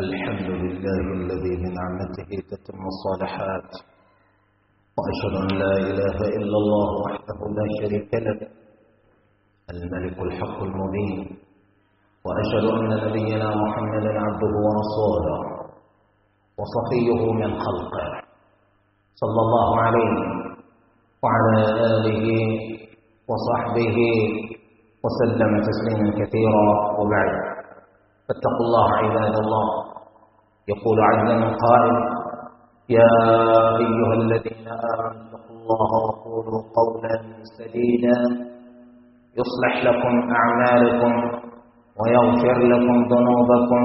الحمد لله الذي بنعمته تتم الصالحات وأشهد أن لا إله إلا الله وحده لا شريك له الملك الحق المبين وأشهد أن نبينا محمدا عبده ورسوله وصفيه من خلقه صلى الله عليه وعلى آله وصحبه وسلم تسليما كثيرا وبعد فاتقوا الله عباد الله يقول عز من قائل يا أيها الذين آمنوا اتقوا الله وقولوا قولا سديدا يصلح لكم أعمالكم ويغفر لكم ذنوبكم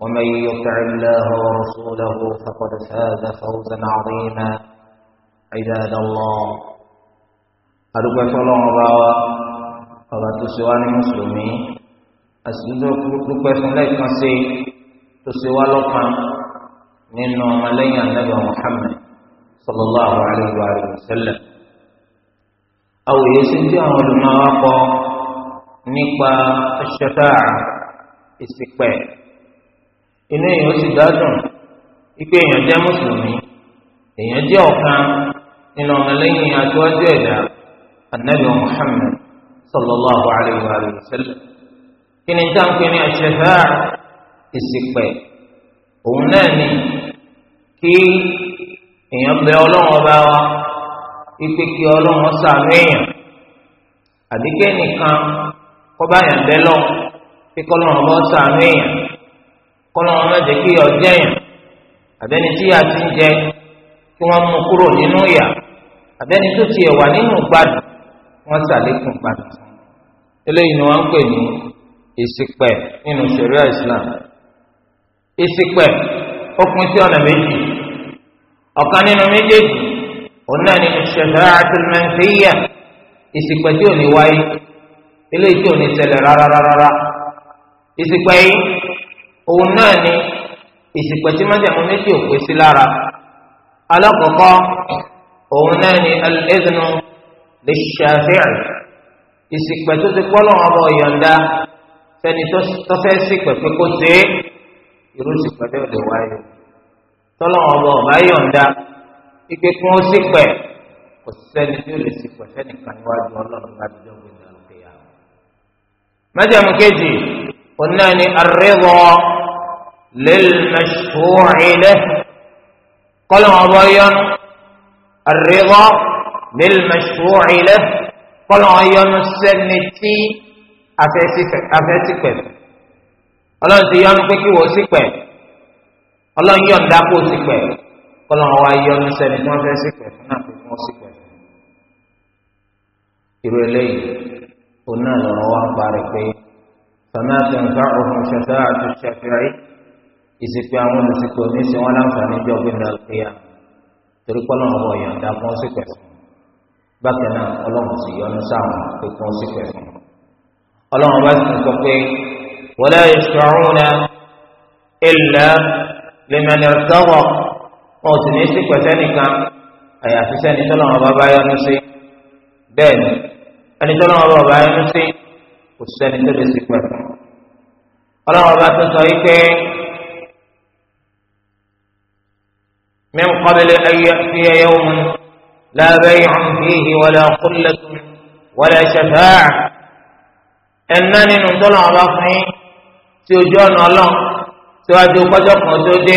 ومن يطع الله ورسوله فقد فاز فوزا عظيما عباد الله أرجو الله أبا أبا تسواني مسلمين àsìkò dúpẹ́ fún lẹ́ẹ̀kan sí tó ṣe wá lọ́kàn nínú ọmọlẹ́yìn anábà Muhammad sallallahu alayhi wa sallam. àwọn èsì tí àwọn olùmọ̀wá kọ nípa ṣẹfẹ́à ìsìpẹ̀ inú èèyàn sì dádùn ipe èèyàn jẹ́ mùsùlùmí èèyàn jẹ́ ọ̀kan nínú ọmọlẹ́yìn àjọyọ̀ ẹ̀dá anábà Muhammad sallallahu alayhi wa sallam. kí ni táǹkì ní àṣẹfẹ́ ìsìpẹ̀ òun náà ni kí èèyàn bẹ ọlọ́run ọba wa ipe kí ọlọ́run sàánú èèyàn àbí kí kọ́ba yàn bẹ́ lọ kí kọ́lọ́run ọba sàánú èèyàn jẹ́ kí ọjẹ́ yàn àbẹ́ni tí a ti ń jẹ kí wọ́n mú kúrò ìṣìpẹ̀ nínú sẹ̀ríà islam ìṣìpẹ̀ ó pín sí ọ̀nà méjì ọ̀kan nínú méjèèjì òun náà ni shafa'atul manfiyya ìṣìpẹ̀ tí ò ní wáyé eléyìí tí ò ní ṣẹlẹ̀ rárárárá ìṣìpẹ̀ yìí òun náà ni ìṣìpẹ̀ tí májàmú méjì ò pèsè lára alákọ̀ọ́kọ́ òun náà ni al-idhnu lish-shafi'i tó ti pọ́ lọ́wọ́ ọba ọ̀yọ̀ǹda sẹ́ni tó fẹ́ sí pẹ̀pẹ́ kó ṣe é irú sì pẹ̀lẹ́ ò lè wáyé tọ́lọ́wọ́n ọba ọba yọ̀ǹda ike kí wọ́n sí pẹ̀ kò sẹ́ni tí ó lè sí pẹ̀ sẹ́nìkan níwájú ọlọ́run bá dídọ́ gbé ìlànà òkè yà kejì ọ̀nà ni àrẹ́wọ̀ lẹ́lẹ́mẹ̀ṣọ́ọ̀rẹ́lẹ́ kọ́lọ́wọ́n ọba yọ̀nù àrẹ́wọ̀ lẹ́lẹ́mẹ̀ṣọ́ọ̀rẹ́lẹ́ kọ́lọ́wọ́n yọ̀nù sẹ́ni tí afẹ́ sí pẹ̀lú ọlọ́run ti yọnu pé kí wọ́n sí pẹ̀lú ọlọ́run yọ̀ǹda kó sí pẹ̀lú kọ́lọ́run wa yọnu sẹ́ni tí wọ́n fẹ́ sí pẹ̀lú náà pé wọ́n sí pẹ̀lú. irú eléyìí òun náà lọ́rọ̀ wá ń parí pé fama tanfa'uhum shafa'atu shafi'i ìsìnkú àwọn olùsìnkú oníṣẹ́ wọn láǹfààní jọ gbẹ̀dẹ̀ àlùkìyà torí kọ́lọ́run wọ̀ yọ̀ǹda kó sí pẹ̀lú bákan náà ọlọ́run sì yọnu sí pẹ̀lú. ọlọ́run bá sì sọ pé wala yashfa'una illa liman irtada wọn ò sì ní í sí pẹ̀sẹ́ nìkan àyàfi sẹ́ni tọ́lọ́run bá bá yọ́nú sí bẹ́ẹ̀ ni ẹni tọ́lọ́run bá bá yọ́nú sí kò sẹ́ni tó lè sí pẹ̀sẹ́ ọlọ́run bá tó sọ yìí pé. من قبل أن يأتي يوم لا بيع فيه ولا خلة ولا شفاعة ẹ̀ná nínú tọ́lọ̀ wọn fún yín tí ojú ọ̀nà ọlọ́run síwájú kọjọ́ kan tó dé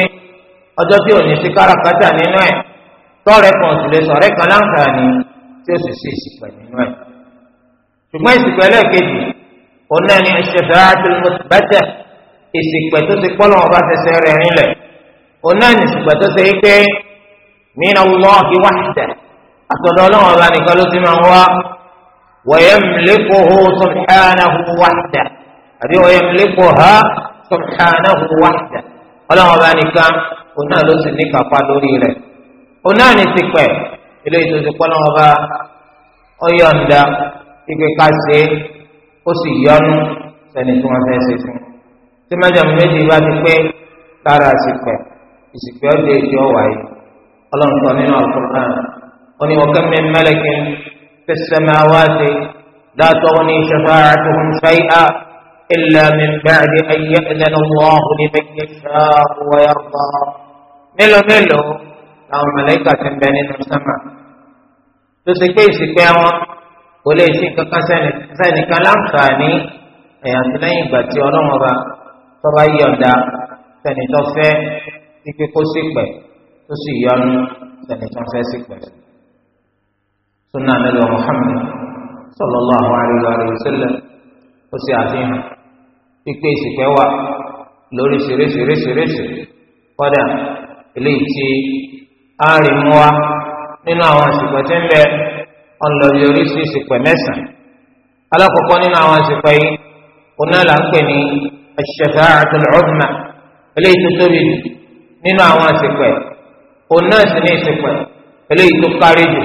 ọjọ́ tí ò ní sí káràkátà nínú ẹ̀ kan sì lè sọ̀rẹ́ kan láǹfààní tí ó sì sí ìsìnkú nínú ẹ̀. ṣùgbọ́n ìsìnkú ẹlẹ́ẹ̀kejì náà ìsìnkú tó ti rẹ̀ rinlẹ̀ náà ìsìnkú tó ṣe mí ويملكه سبحانه وحده أبي ويملكها سبحانه وحده ولا ذلك قلنا له سنك قالوا لي له قلنا نسكوا إليه تقول الله ọyọ̀ǹda ìgbé kásẹ̀ ó sì yọnu sẹ́ni tí wọ́n fẹ́ ṣe fún un. tí mẹ́jọ̀mú méjì bá ti pé lára àsìpẹ́ ìsìpẹ́ ọ̀dẹ̀ ìjọ wáyé ọlọ́run sọ nínú àkùrán ó ní ọ̀kẹ́ mi mẹ́lẹ́kìn في السماوات لا تغني شفاعتهم شيئا إلا من بعد أن يأذن الله لمن يشاء ويرضى ملو ملو أو ملائكة بين السماء تسكي سكيوا kò lè ṣe kankan sẹ́ni sẹ́nìkan láǹfààní ẹ̀yàn tó lẹ́yìn ìgbà tí ọlọ́run ọba tó bá yọ̀ǹda sẹ́ni tó fẹ́ ikú kó sí pẹ̀ tó sì yọnu sẹ́ni tó fẹ́ sí pẹ̀ sunna anabi wa muhammed sallallahu alayhi wa sallam ó sì àfihàn pípé ìsìnkẹ́ wà lórí ṣeréṣeréṣeréṣe kọ́dà eléyìí tí a rí mú wa nínú àwọn àsìkò tí ń bẹ ọlọ́ọ̀dì oríṣi ìsìnkú mẹ́sàn-án alákọ̀ọ́kọ́ nínú àwọn àsìkò yìí oná là ń pè ní ash-shafa'atul eléyìí tó tóbi nínú àwọn àsìkò yìí oná sì ní ìsìnkú eléyìí tó kárí jù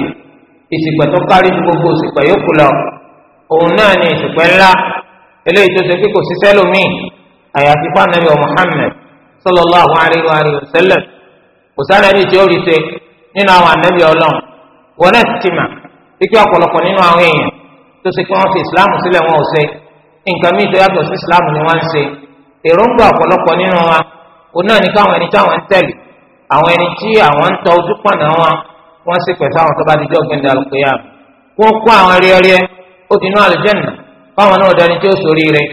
ìsìpẹ̀ tó kárí ju gbogbo ìsìpẹ̀ yòókù lọ òun náà ni ìsìpẹ̀ ńlá eléyìí tó ṣe pé kò sí sẹ́lómìn àyàfi fáànàbí wa Muhammad sallallahu alayhi wa sallam kò sánàbí tí ó rí ṣe nínú àwọn ànábì Ọlọ́run wọn náà ti mà pípé ọ̀pọ̀lọpọ̀ nínú àwọn èèyàn tó ṣe pé wọ́n fi Islam sílẹ̀ wọn ò ṣe nǹkan míì tó yàtọ̀ sí Islam ni wọ́n ń ṣe èròǹgbà ọ̀pọ̀lọpọ̀ nínú wa òun náà ni káwọn ẹni tí àwọn ń tẹ̀lé àwọn ẹni tí àwọn ń tọ ojú pọ̀nà wọn wọ́n sì pẹ̀ sáwọn tó bá di jọ́gbìn ní alùpùpù wọ́n kó àwọn rẹ́rẹ́ ó ti nú àlùjẹ́nà fáwọn náà dání tí ó sórí rẹ̀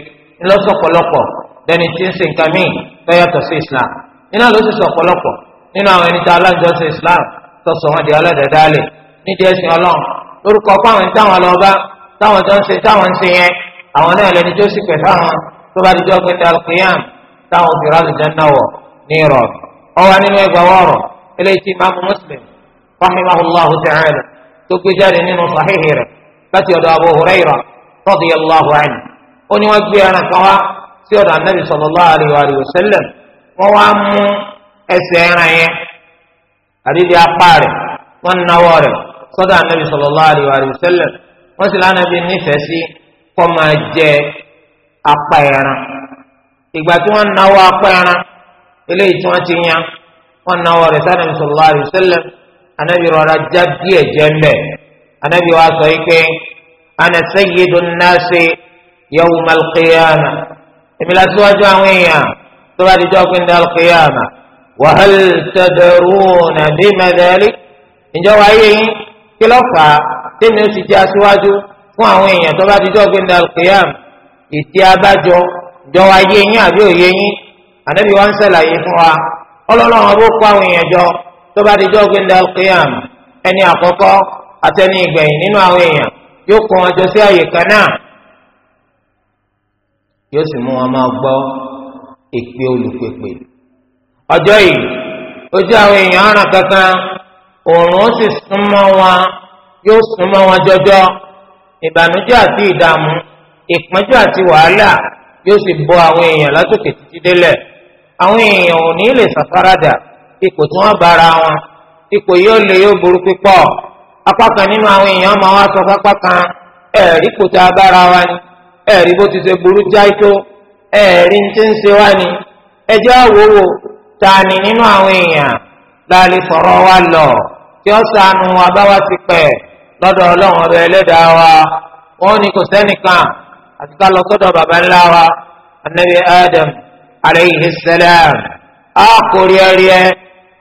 ńlọ́sọ̀pọ̀lọpọ̀ dání tí ń sìn kàmí lọ́yàtọ̀ sí islam iná ló sì sọ̀pọ̀lọpọ̀ nínú àwọn ẹni tí aláǹjọ́sìn islam tọ̀sọ̀ wọn di aládàádáálẹ̀ nídìí ẹ̀sìn ọlọ́run lórúkọ fáwọn táwọn lọ bá táwọn tó ń ṣe táwọn ń ṣe yẹn àwọn náà lẹni tó sì pẹ̀ fáwọn tó bá di jọ́gbìn ní alùpùpù táwọn fi rálùjẹ́ náà wọ̀ ní ìrọ̀ ọwọ́ nínú ẹgbàá wọ̀rọ̀ eléyìí tí imaamu muslim rahimahullahu ta'ala tó gbé jáde nínú sahihi rẹ̀ láti ọ̀dọ̀ abu huraira radiyallahu anhu ó ní wọ́n gbé ẹran kan wá sí ọ̀dọ̀ anabi sallallahu alayhi wa sallam wọ́n wá mú ẹsẹ̀ ẹran yẹn àdídì apá rẹ̀ wọ́n náwó rẹ̀ sọ́dọ̀ anabi sallallahu alayhi wa sallam wọ́n sì lánàá bí nífẹ̀ẹ́ sí kọ́ máa jẹ apá ẹran ìgbà tí wọ́n náwó apá ẹran eléyìí tí wọ́n ti yan wọ́n náwó rẹ̀ sanabi sallallahu alayhi wa sallam anabi rọra já díẹ̀ jẹ́ mbẹ́ anabi wa sọ yìí pé ana sayyidun nasi yawmal qiyama èmi la síwájú àwọn èèyàn tó bá di jọ́ pé ndal qiyama wa hal tadruna bima dhalik ǹjọ́ wa yé yín kí ló fà á tèmi ó sì jẹ́ aṣíwájú fún àwọn èèyàn tó bá di jọ́ pé ndal qiyama ìtì abájọ jọ wa yé yín àbí òye yín anabi wa ń sẹ̀láyé fún wa ọlọ́lọ́wọ́n bó kó àwọn èèyàn jọ. tó bá di jọ́ gbẹ̀ndẹ̀ alqiyam ẹni àkọ́kọ́ àtẹni ìgbẹ̀yìn nínú àwọn èèyàn yóò kó wọn jọ sí àyè kan náà yóò sì mú wọn máa gbọ́ ìpè olùpèpè ọjọ́ yìí ojú àwọn èèyàn ọ̀ràn kankan òòrùn sì súnmọ́ wọn súnmọ́ wọn jọjọ ìbànújẹ́ àti ìdààmú ìpọ́njú àti wàhálà yóò sì àwọn èèyàn títí délẹ̀ àwọn èèyàn ò ní lè ipò tí wọ́n bára wọn ipò yóò lè yóò burú pípọ̀ apá kan nínú àwọn èèyàn máa wá sọ pápá kan ipò wa ni Eri bó ti ṣe burú jáì tó ẹ̀rí ń ni ẹjẹ́ àwòwò ta ni nínú àwọn èèyàn la wa lọ tí ó sànù abáwá ti pẹ̀ lọ́dọ̀ ọlọ́run ọbẹ̀ ẹlẹ́dàá wa wọn ni kò sẹ́nìkan àti ká lọ sọ́dọ̀ ńlá wa anabi adam aleyhi salam a kò rí ẹ.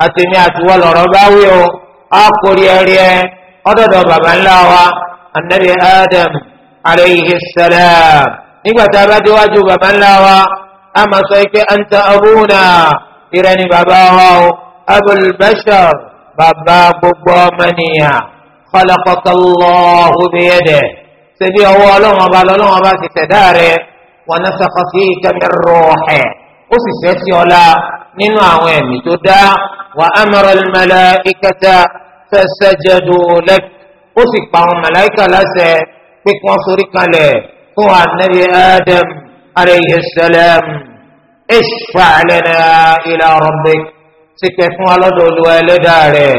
àtẹ̀mí àtiwọ́ lọ́rọ̀ bá wí o àkórí ẹ̀rí ẹ ọ̀dọ̀dọ̀ bàbá ńlá wa anabi adam aleyhi salam nígbà tá a bá déwájú bàbá ńlá wa a máa sọ pé anta abuna ìrẹ ni bàbá wa o abul bashar bàbá gbogbo ọmọnìyàn kọlọkọtàlọ́hu biyẹdẹ ṣebí ọwọ́ ọlọ́run ọba lọ́lọ́run ọba ti tẹ̀dá rẹ̀ wọn náà sọ kọsí ìkẹmí rọ̀ọ̀hẹ̀ ó sì fẹ́ sí ọlá nínú àwọn ẹ̀mí tó dá wa amara al-malaikata fasajadu lak ó sì pa àwọn màláìkà láṣẹ pé kí wọ́n forí kalẹ̀ fún anabi adam aleyhi salam ishfa' lana ila rabbik sì pẹ́ fún wa lọ́dọ̀ rẹ̀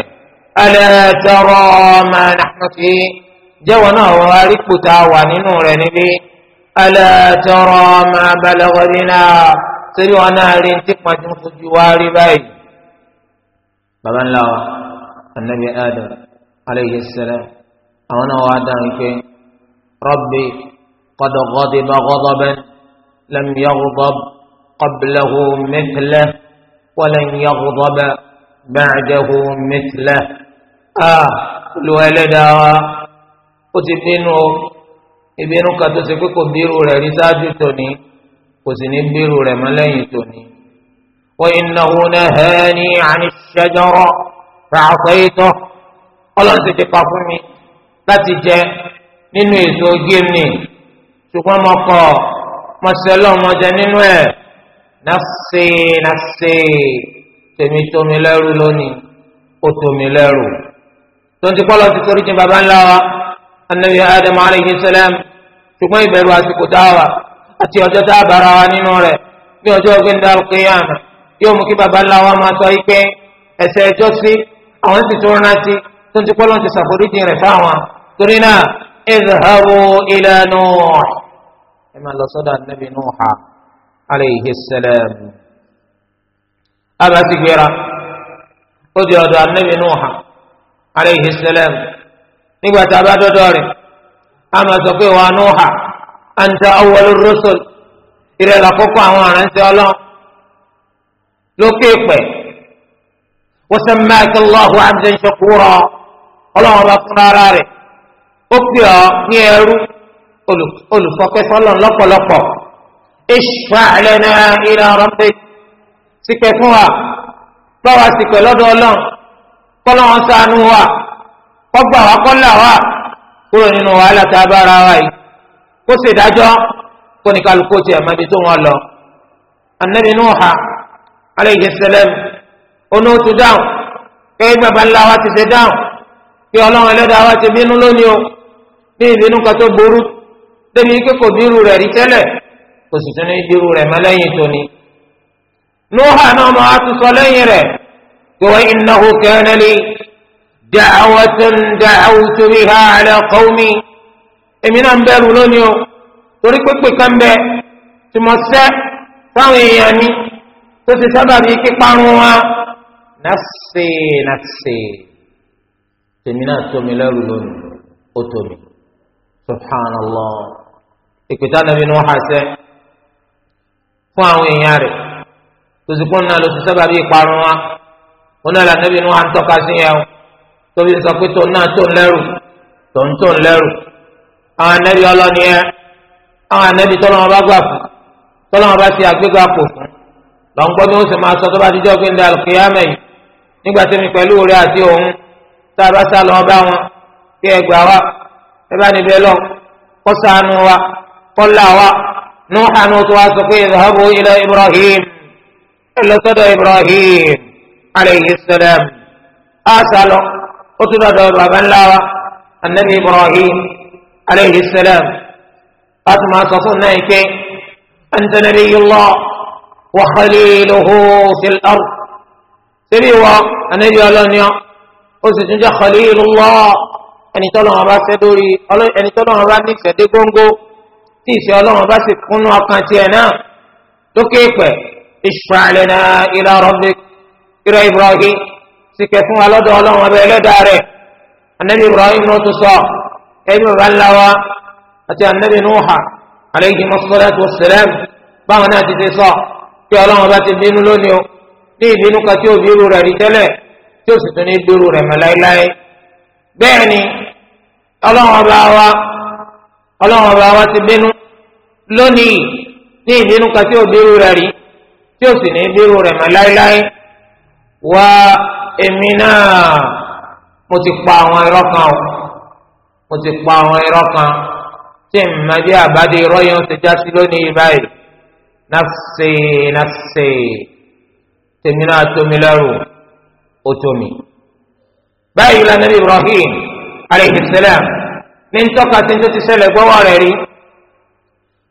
ala tara ma jẹ́wọ́ náà wọ́n wá rí kùtà wà nínú rẹ̀ níbí ala tara ma balaghna torí wọn náà rí ní pàjù fojú wa rí báyìí. baba ńlá wa anabi adam aleyhi salam àwọn náà wàá dáhùn pé rabbi qad ghadiba ghadaban lam yaghdab qablahu mithlahu wa lan yaghdab ba'dahu mithlahu. a ah, olùwà ẹlẹ́dàá wa ó ti bínú ìbínú kan tó pé kò bírú rẹ̀ rí sáájú tòní kò sì ní gbèrú rẹ̀ mọ́ lẹ́yìn tòní. wa innahu nahani ani shajara fa'asaytu ọlọ́run ti ti pa fún mi láti jẹ nínú èso gíní ṣùgbọ́n mo kọ̀ mo sẹ́lọ̀ mo jẹ nínú ẹ̀ nafsi nafsi tèmi tómi lẹ́rù lónìí ó tómi lẹ́rù. tonti kpọlọ ti torí jẹ baba ńlá wa anabi adam alayhi salam ṣùgbọ́n ìbẹ̀rù àsìkò tá a àti ọjọ́ tá a bára wa nínú rẹ̀ ní ọjọ́ ọgbẹ́ni alukóyàmà yóò mú kí baba máa sọ yìí pé ẹjọ́ sí àwọn sì tún rántí tó ń ti pọ́lọ́ ti rẹ̀ fáwọn torí náà idhabu ila Nuh máa lọ sọ́dọ̀ ànábì abasi gbéra ó di ànábì nígbà tá a bá anta awwalur rusul ìrẹ̀ làkọ́kọ́ àwọn aránṣẹ́ ọlọ́run lókè pẹ̀ wa sammaka Allahu abdan shakura ọlọ́run bá fún ara rẹ̀ ó pè ọ́ ní ẹrú olùfọkẹ́sọ́lọ́n lọ́pọ̀lọpọ̀ ishfa' lana ila rabbik sípẹ́ fún wa báwa sípẹ́ lọ́dọ̀ ọlọ́run kọ́lọ́run ṣàánú wa kọ́gbà wa kọ́là wa kúrò nínú wàhálà tá a bá wa yìí kó ṣe dájọ́ kó ní kálukú tiẹ̀ mọ́ ibi tó wọ́n lọ. anabi nuuha aleyhi salam ono tu dáhùn kéé bàbá ńlá wa ti ṣe dáhùn kí ọlọ́run ẹlẹ́dàá wa ti bínú lónìí o ní ìbínú kan tó burú débi ike kò bírú rẹ̀ rí tẹ́lẹ̀ kò sì tún ní bírú rẹ̀ mọ́ lẹ́yìn tóní. nuuha náà mọ̀ á tún sọ lẹ́yìn rẹ̀ kí wọ́n innahu kana li da'watan da'awtu biha ala qawmi èmi náà ń bẹ̀rù lónìí o torí pépè kan bẹ tí mo sẹ́ fáwọn èèyàn mi tó ti sábà bíi kíparun wa nàṣẹ nàṣẹ tèmi náà tó mi lẹ́rù lónìí ó tó mi subhanallah ìpètà nàbí ni wọ́n hà sẹ́ fún àwọn èèyàn rẹ̀ tó ti kún náà ló ti sábà bíi kíparun wa wọn náà lànà ni wọ́n à ń tọ́ka sí yẹn o tóbi sọ pé tó náà tó ń lẹ́rù tó ń tó ń lẹ́rù àwọn anabi ọlọ́ni ẹ àwọn anabi tọ́lọ́ wọn bá gbà fún tọ́lọ́ wọn bá ti àgbégbà pò fún lọ́nkọ́ ni ó sì máa sọ tó bá ti jọ́ gbẹ̀ndà alùkìyàmẹ̀ yìí nígbà tẹ́mi pẹ̀lú rẹ̀ àti òun tá a bá sá lọ bá wọn kí ẹ gbà wá ẹ bá níbẹ̀ lọ kó ṣàánú wa kó là wa nùhànú tó wá sọ pé ìdàbò ilẹ̀ Ibrahim ẹ Ibrahim aleyhi salam á ó tún dọ̀dọ̀ bàbá ńlá wa anabi Ibrahim aleyhi salam wàtí máa sọ fún náà pé anta nabiyullah wa khaliluhu fil ard síbí wọ anabi ọlọ́ni ọ ó sì tún jẹ́ khalilullah ẹni tọ́lọ́wọ́n bá fẹ́ lórí ẹni tọ́lọ́wọ́n bá nífẹ̀ẹ́ dé góńgó tí ìfẹ́ ọlọ́wọ́n bá sì kúnnú ọkàn tiẹ̀ náà lókè pẹ̀ ìṣùpàlẹ́nà ila rabbik ìrọ Ibrahim sì kẹ́ fún wa lọ́dọ̀ ọlọ́wọ́n bẹ́ẹ̀ lẹ́dàá rẹ̀ anabi Ibrahim ló tún sọ. ẹbí baba ńlá wa àti anabi nuuha aleyhi masalatu wa salam báwọn náà ti ti sọ kí ọlọ́run bá ti bínú lónìí o ní ìbínú kan tí òbí irú rẹ̀ rí tẹ́lẹ̀ tí ó sì tún ní ni ọlọ́run ọba wa ọlọ́run wa ti bínú lónìí ní ìbínú kan tí òbí irú rẹ̀ rí tí ó sì ní láéláé wá èmi mo ti pa àwọn mo ti pa àwọn irọ́ kan tí n ma bí àbádé irọ́ yẹn ó ti já sí lónìí báyìí nafsi nafsi tèmi náà tómi lẹ́rù ó tómi. báyìí la nabi ibrahim aleyhi salam ní ntọ́ka tí tó ti ṣẹlẹ̀ gbọ́wọ́ rẹ̀ rí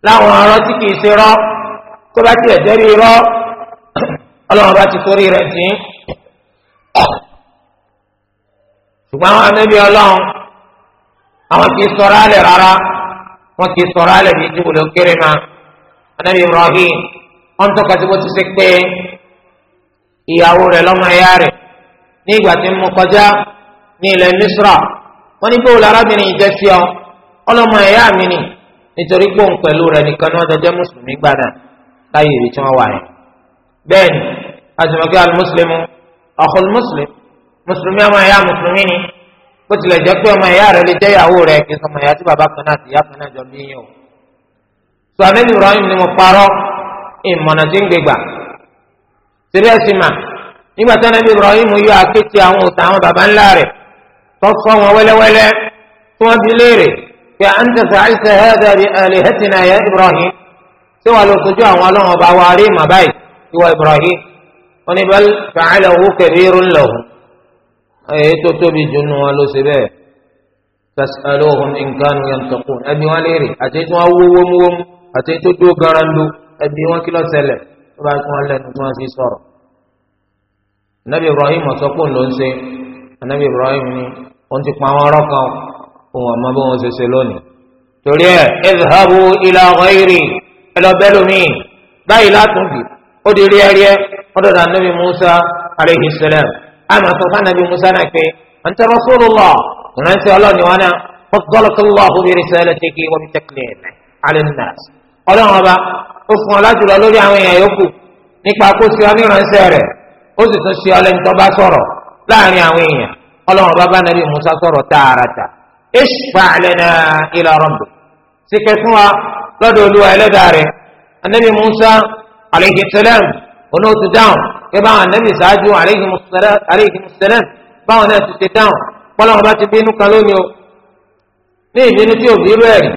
láwọn ọ̀rọ̀ tí kìí ṣe rọ́ tó bá tiẹ̀ jẹ́rí rọ́ ọlọ́run bá ti torí rẹ̀ dín. ṣùgbọ́n àwọn anábì ọlọ́run àwọn kì í sọ̀rọ̀ alẹ̀ rárá wọn kì í sọ̀rọ̀ alẹ̀ bíi ju olè kéré ma anabi ibrahim wọn tọ́ka sí bó ti ṣe pé ìyàwó rẹ̀ lọ́mọ ẹ̀yà rẹ̀ ní ìgbà tí mo kọjá ní ilẹ̀ misra wọn ní bó larábìnrin jẹ́ sí ọ ọlọ́mọ ẹ̀yà mi ni nítorí pé pẹ̀lú rẹ̀ nìkan náà jọjọ́ mùsùlùmí gbàdá láyé ibi tí wọ́n wà yẹn bẹ́ẹ̀ ni àtìmọ̀kẹ́ alimuslimu ọ̀kùnrin mùsùlùmí mùsùlùmí ọmọ bó tilẹ̀ jẹ́ pé ọmọ ìyá rẹ lè jẹ́ ìyàwó rẹ kí sọmọ ìyá tí bàbá kan náà ti ìyá kan náà jọ bí yín o. sọ àbẹ́bí Ibrahim ni mo parọ́ ìmọ̀nà tí ń gbégbà síbẹ̀ sí mà nígbà tí ànábì Ibrahim yọ akéèti àwọn òòtà àwọn bàbá ńlá rẹ̀ tó wọn wẹ́lẹ́wẹ́lẹ́ tí wọ́n ti léèrè pé à ń tẹ̀sẹ̀ àìsẹ̀ ẹ̀ẹ́dẹ̀rì àlèhẹ́tìnà ẹ̀yẹ Ibrahim èyí tó tóbi jù nù wọn ló ṣe bẹ́ẹ̀ tasaluhum in kanu yantaqun ẹbí wọn léèrè àti tí wọn wó wómúwómú àti tó dúró garandu ẹbí wọn kí ló ṣẹlẹ̀ tó bá tún wọn lẹ́nu tí wọn fi sọ̀rọ̀ anabi ibrahim ọsọkùn ló ń ṣe anabi ibrahim ni wọn ti pa àwọn ọ̀rọ̀ kan ọmọ bí wọn ṣe ṣe lónìí torí ẹ izhabu ila ghairi ẹlọbẹlómi báyìí látúndì ó di rí ẹrí ẹ ọdọdọ anabi musa aleyhi salam àmà sọ fún anabi musa náà pé anta rasulullah ìránṣẹ́ ọlọ́ọ̀ni wọn náà fọdọ́lọ́kọ́lọ́hù bi risalatiki wa bi taklimi ala nnas ọlọ́run ọba ó fún ọ lájùlọ lórí àwọn èèyàn yòókù nípa kó sí ọ níránṣẹ́ rẹ̀ ó sì tún sí ọ lẹ́ni tó bá sọ̀rọ̀ láàrin àwọn èèyàn ọlọ́run ọba bá nàbí musa sọ̀rọ̀ tààràtà ishfa' lana ila rabbi síkẹ́ fún wa lọ́dọ̀ olúwa ẹlẹ́dàá rẹ̀ anabi musa alayhi salam onótù dáhùn kẹbà àwọn ànábì ṣáájú àríkìmùsẹ̀lẹ̀m báwọn náà ti ṣe dáhùn kọ́lá wọn bá ti bínú kan lónìí o ní ìbínú tí ò bí rú ẹ̀rí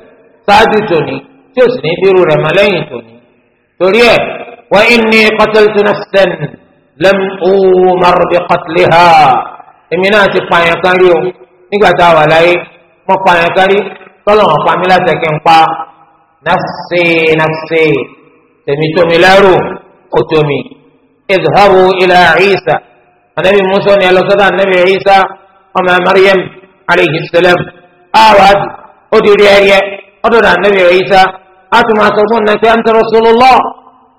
ṣáájú tòní tí ò sì ní bí rú rẹ̀ mọ́ lẹ́yìn tòní torí ẹ̀ wa inni qataltu nafsan lam umar bi qatliha èmi náà ti pààyàn kan rí o nígbà tá a wà láyé mo pààyàn kan rí tọ́lọ̀ wọn pa mí látẹ̀kẹ́ ń pa nafsi nafsi tèmi lẹ́rù kò idhabu ila Isa anabi musa ni alọsọdọ anabi Isa ọmọ Maryam alayhi salam awaadi ó di rí ẹyẹ ọdọ dọ anabi Isa atuma sọfún nàkẹ anta rasulullah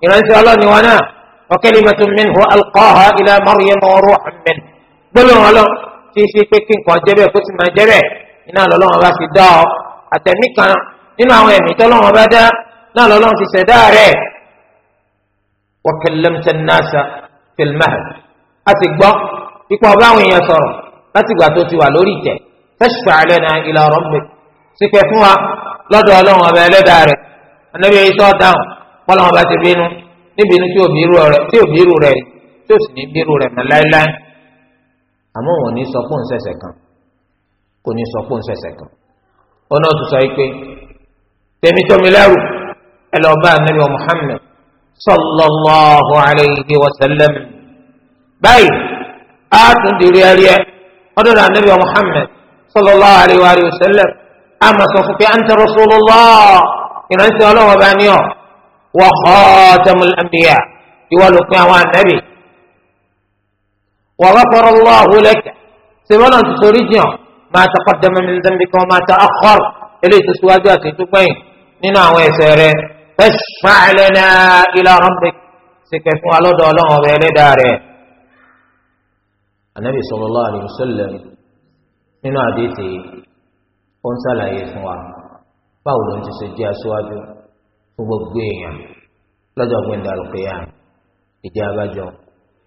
ìránṣẹ́ Ọlọ́run wọn náà wa kalimatun minhu alqaha ila Maryam wa ruhun min gbólóhùn Ọlọ́run tí í ṣe pé kí nǹkan jẹbẹ kó sì máa jẹbẹ iná lọlọrun bá ti dá ọ àtẹmí kan nínú àwọn ẹ̀mí tọlọ́run bá dá náà lọlọrun ti ṣẹ̀dá rẹ̀ wa kallamta an-nasa fil mahd a sì gbọ́ ipò ọba àwọn èèyàn sọ̀rọ̀ láti gbà tó ti wà lórí ìtẹ́ fashfa' lana ila rabbik sípẹ́ fún wa lọ́dọ̀ ọlọ́run ọba ẹlẹ́dàá rẹ̀ anabi yìí sọ dáhùn kọ́lọ́run ọba ti bínú níbínú tí òbí irú rẹ̀ tí ò sì ní bí irú rẹ̀ mọ́ láéláé àmọ́ wọn ní sọ fún ṣẹ̀ṣẹ̀ kan kò ní sọ fún kan ọ̀nà tó sọ yìí pé tèmi tọ́mi lẹ́rù ẹ lọ صلى الله عليه وسلم باي آتن دي ريالي قدر النبي محمد صلى الله عليه وآله وسلم أما صفك أنت رسول الله إن أنت الله بانيو وخاتم الأنبياء يولك يا النبي وغفر الله لك سبحانه تسوريجيو ما تقدم من ذنبك وما تأخر اليس سواجاتي تبين نناوي سيرين fashfa' lana ila rabbik sèkè fún wa lọ́dọ̀ ọlọ́run ọbẹ̀ ẹlẹ́dàá rẹ̀. anabi sallallahu alayhi wa sallam nínú àdéhìtì ó ń sàlàyé fún wa báwo ló ń ti ṣe jẹ́ aṣáájú fún gbogbo èèyàn lọ́jọ́ gbẹ̀ndà lùkìyà ìdí abájọ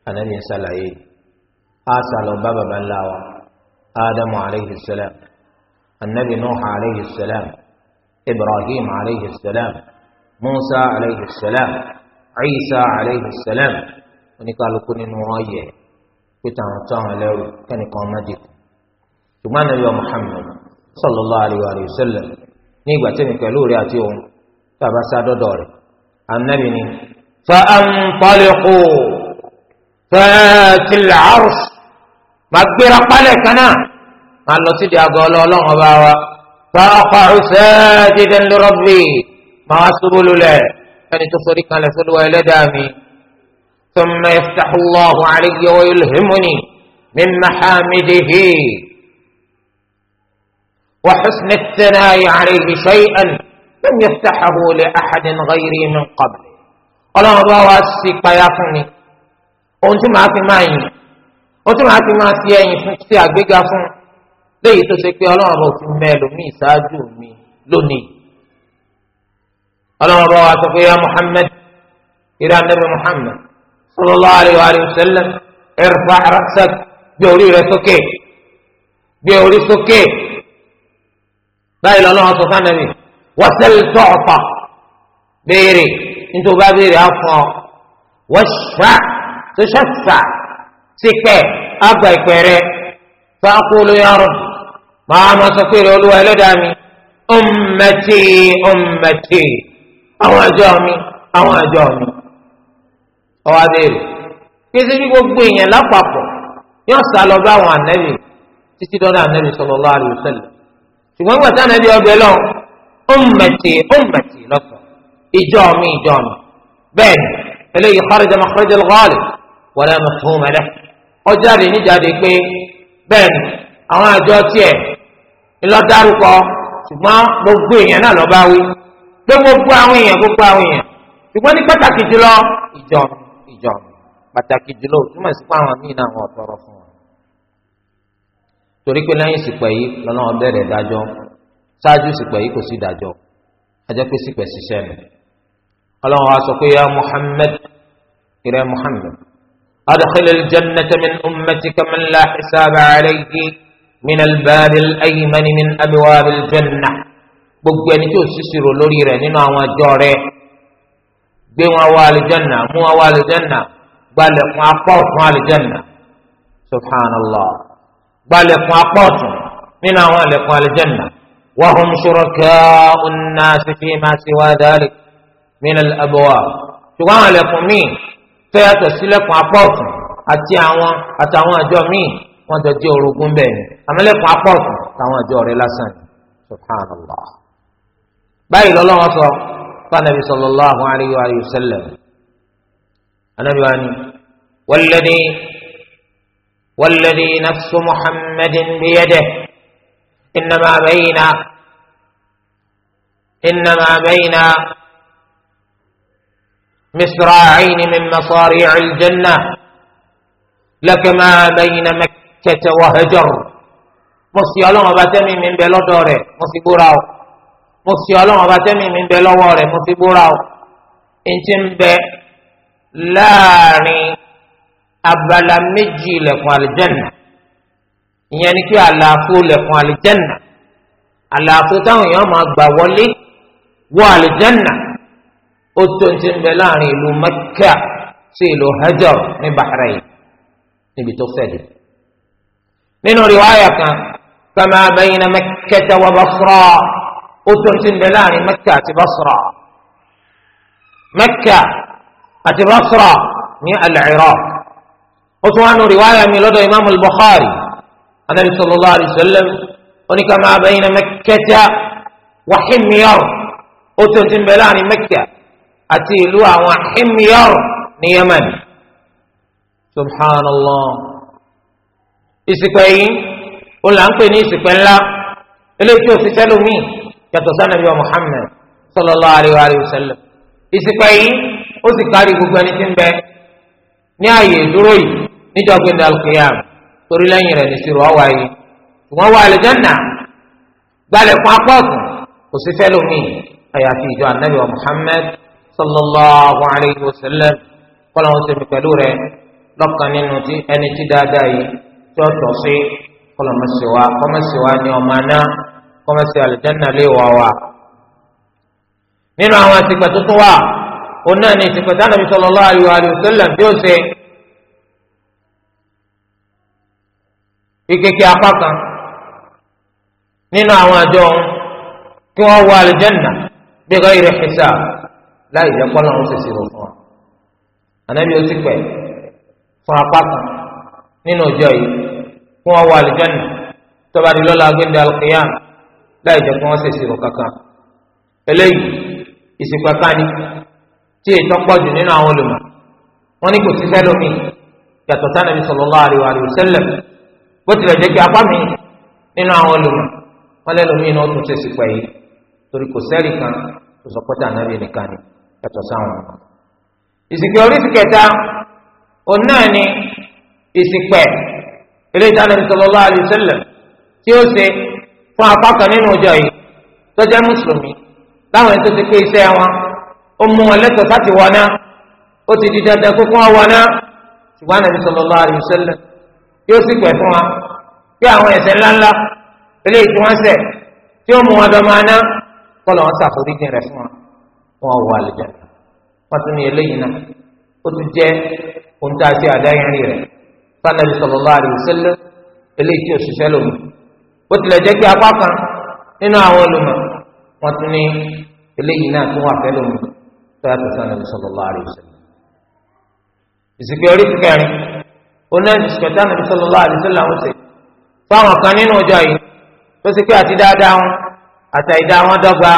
anabi ń sàlàyé a sàlọ bá baba ńlá wa ádámù alayhi salam anabi nuh alayhi salam ibrahim alayhi salam musa aleyhi salam isa aleyhi salam oníkàlùkù nínú wọn yẹ pé táwọn táwọn lẹ́rù kẹ́nìkan má dìkú ṣùgbọ́n àná yọ muhammed sallallahu alayhi wa sallam ní ìgbà tẹ́mi pẹ̀lú rẹ̀ àti òun tàbá sá dọ́dọ̀ rẹ̀ anabi ni fa anpaliqu fẹ́ẹ́tì làárùs máa gbéra pálẹ̀ kan náà máa lọ sí di àgọ́ ọlọ́ọ̀lọ́ọ̀ ọba wa fa aqa'u sajidan li rabbi máa ṣubú lulẹ̀ ẹni tó sọrí kalẹ̀ sọ́dọ̀ ẹlẹ́dàá mi thumma yaftahu Allahu alayya wa yulhimuni min mahamidihi wa husni ath-thana'i alayhi shay'an lam yaftahu li ahadin ghayri min qabli ọlọ́run bá wá sí payá fún mi ohun tí màá fi máa yìn ohun tí màá fi máa fi ẹ̀yìn fún sí àgbéga fún léyìí tó ṣe pé ọlọ́run ò fi mẹ́ẹ̀lú mi ìṣáájú mi lónìí ọlọ́run bá wa sọ pé ya muhammed ìrẹ anabi muhammed sallallahu alayhi wa alayhi wa sallam irfa ra'sak gbé orí rẹ sókè gbé orí sókè báyìí lọ́lọ́run sọ fún anabi wasal tu'ta béèrè nítorí bá béèrè á fún ọ washfa tushaffa sípẹ́ àgbà ìpẹ́ rẹ faqulu ya rab màá ma sọ pé olúwa ẹlẹ́dàá mi ummati ummati àwọn àjọ mi àwọn àjọ mi ọwọ́ abéèrè kéde bí gbogbo èèyàn lápapọ̀ yóò sá lọ bá àwọn ànẹ́bì títí dọ́dọ̀ ànẹ́bì sallallahu alaihi wasallam ṣùgbọ́n gbàtà ànẹ́bì ọbẹ̀ lọ ummati ummati lọ́tọ̀ ìjọ mi ìjọ mi bẹ́ẹ̀ ni eléyìí kharaja makhraj al-ghalib wala mafhum lahu ọjà rè níjàde pé bẹ́ẹ̀ ni àwọn àjọ tiẹ̀ ńlọ dárúkọ ṣùgbọ́n gbogbo èèyàn náà lọ bá wí pé gbogbo àwọn èèyàn gbogbo àwọn èèyàn ṣùgbọ́n ní pàtàkì jùlọ ìjọ ìjọ pàtàkì jùlọ òtúmọ̀ sí pàwọn míì náà wọ́n tọrọ fún wọn. torí pé lẹ́yìn ìsìpẹ̀ yìí lọ́nà ọbẹ̀rẹ̀ dájọ́ ṣáájú ìsìpẹ̀ yìí kò sí dájọ́ ajẹ́ pé ìsìpẹ̀ ṣiṣẹ́ nù. ọlọ́run wa sọ pé ya Muhammad ìrẹ́ Muhammad adkhilil jannata min ummatika man la hisaba alayhi min al-babil ayman min abwabil jannah gbogbo ẹni tó ṣíṣirò lórí rẹ̀ nínú àwọn àjọ rẹ̀ gbé wọn wá àlùjánnà mú wọn wá àlùjánnà gbalẹ̀ fún apá ọ̀tún àlùjánnà subhanallah gbalẹ̀ fún apá ọ̀tún nínú àwọn àlẹ̀kùn àlùjánnà wa hum shuraka'u an-nasi fima siwa dhalik min al-abwab ṣùgbọ́n àwọn àlẹ̀kùn míì tó yàtọ̀ sílẹ̀kùn apá ọ̀tún àti àwọn àtàwọn àjọ míì wọ́n jọ jẹ́ orogún bẹ́ẹ̀ ni àmọ́lẹ̀kùn apá ọ̀tún táwọn àjọ rẹ̀ lásán subhanallah. báyìí lọ́lọ́wọ́ sọ fanabi sallallahu alayhi wa sallam anabi wa ni walladhi walladhi nafsu muhammadin biyadihi innama bayna innama bayna مصراعين من مصاريع الجنة لك ما بين مكة وهجر مصيالون باتمي من بلدوري مصيبورا mo sì ọlọ́run ọba tẹ́mi mi bẹ lọ́wọ́ rẹ̀ mo ti búra o ntí ń bẹ láàrin abala méjì ilẹ̀kùn àlìjẹ́nà ìyẹn ni kí àlàfo ilẹ̀kùn àlìjẹ́nà àlàfo táwọn èèyàn máa gbà wọlé wọ àlìjẹ́nà ó tó ntí ń bẹ láàrin ìlú Mẹ́kà sí ìlú Hajar ní Bahrain níbi tó fẹ́ dé nínú riwaayà kan kama bayna Makkata wa Basra ó tó ti ń bẹ láàrin mẹ́kà àti basra mẹ́kà àti basra ní al-iraq ó tún wá nù riwaya mi lọ́dọ̀ imam al-bukhari anabi sallallahu alayhi wa sallam oníkàmá bayna mẹ́kẹ́tà wa himyar ó tó ti ń bẹ láàrin mẹ́kà àti ìlú àwọn himyar ní yemen subhanallah ìsìnkú ẹ̀yìn ó ní ìsìnkú ńlá eléyìí tí ó ti tẹ́lómìn yàtọ̀ sí anabi wa muhammed sallallahu alayhi wa sallam ìsìnkà yìí ó sì kárí gbogbo ẹni tí ń bẹ ní ààyè ìdúró yìí níjọ́ gbẹndé alqiyam torí lẹ́yìn rẹ̀ nìṣirò ọwọ ayé ṣùgbọ́n wà àlùjánnà gbalẹ̀ fún apá kò sí fẹ́lẹ̀ omi àyàfi ìjọ anabi wa muhammed sallallahu alayhi wa sallam kọ́lọ́ wọn sẹ́mi pẹ̀lú rẹ̀ lọ́kàn nínú ẹni tí dáadáa yìí tí ó tọ́ sí kọ́lọ́ mọ̀síwá kọ́mọ̀síwá ni ọmọ náà kọ́mẹ́sì àlùjánnà lè wà wá. nínú àwọn àtìpẹ́ tuntun wà òun náà ní ìtìpẹ́ tí Ànábì sallallahu alaihi wa sallam tí ó ṣe kékeré apá kan nínú àwọn àjọ òun kí wọ́n wọ àlùjánnà bí ghairi hisab láì jẹ́ kọ́ lọ́run ṣèṣì rò fún wa. Ànábì ó ti pẹ̀ fún apá kan nínú ọjọ́ yìí kí wọ́n wọ àlùjánnà tó bá gbẹ̀ndẹ̀ al láì jẹ́ kí wọ́n ṣèṣì rò kankan eléyìí ìsìnkàkà ni tí ètò nínú àwọn olùmọ̀ wọn ní kò sí fẹ́ lómi yàtọ̀ sáà nàbí sallallahu alaihi wa sallam bó kí apá mi nínú àwọn olùmọ̀ wọ́n mi tún yìí torí kò kan tó sọ nìkan ni sáwọn ọmọ. ìsìnkì oríṣi kẹta tí ó ṣe fún apá kan nínú ọjọ́ yìí tó jẹ́ mùsùlùmí láwọn ẹni tó ti pé iṣẹ́ wọn ó mú wọn lẹ́tọ̀ọ́ láti wọ náà ó ti di dandan kó fún wọn náà ṣùgbọ́n Ànábì sallallahu alaihi wasallam yóò sì gbẹ̀ fún wa pé àwọn ẹ̀ṣẹ̀ ńláńlá eléyìí tí wọ́n ṣẹ̀ tí ó mú wọn dọ́ máa ná kọ́lọ̀ wọn ṣàforíjì rẹ̀ fún wa wọn wọ àlùjáde wọn tún ní eléyìí náà ó tún jẹ́ ohun tá a ṣe àdáyẹ̀rí rẹ̀ fún Ànábì sallallahu alaihi wasallam eléyìí òṣìṣẹ́ lòmìn bó tilẹ̀ jẹ́ pé apá kan nínú àwọn olùmọ̀ wọn tún ní eléyìí náà tún wà fẹ́lẹ́ mu tó yàtọ̀ sí ànábì sallallahu alaihi wasallam. ìsìnkú orí ti kẹrin oná ìsìnkú tí ànábì sallallahu alaihi wasallam ń ṣe fáwọn kan nínú ọjọ́ yìí tó sì pé àti dáadáa wọn àtàìdá wọn dọ́gba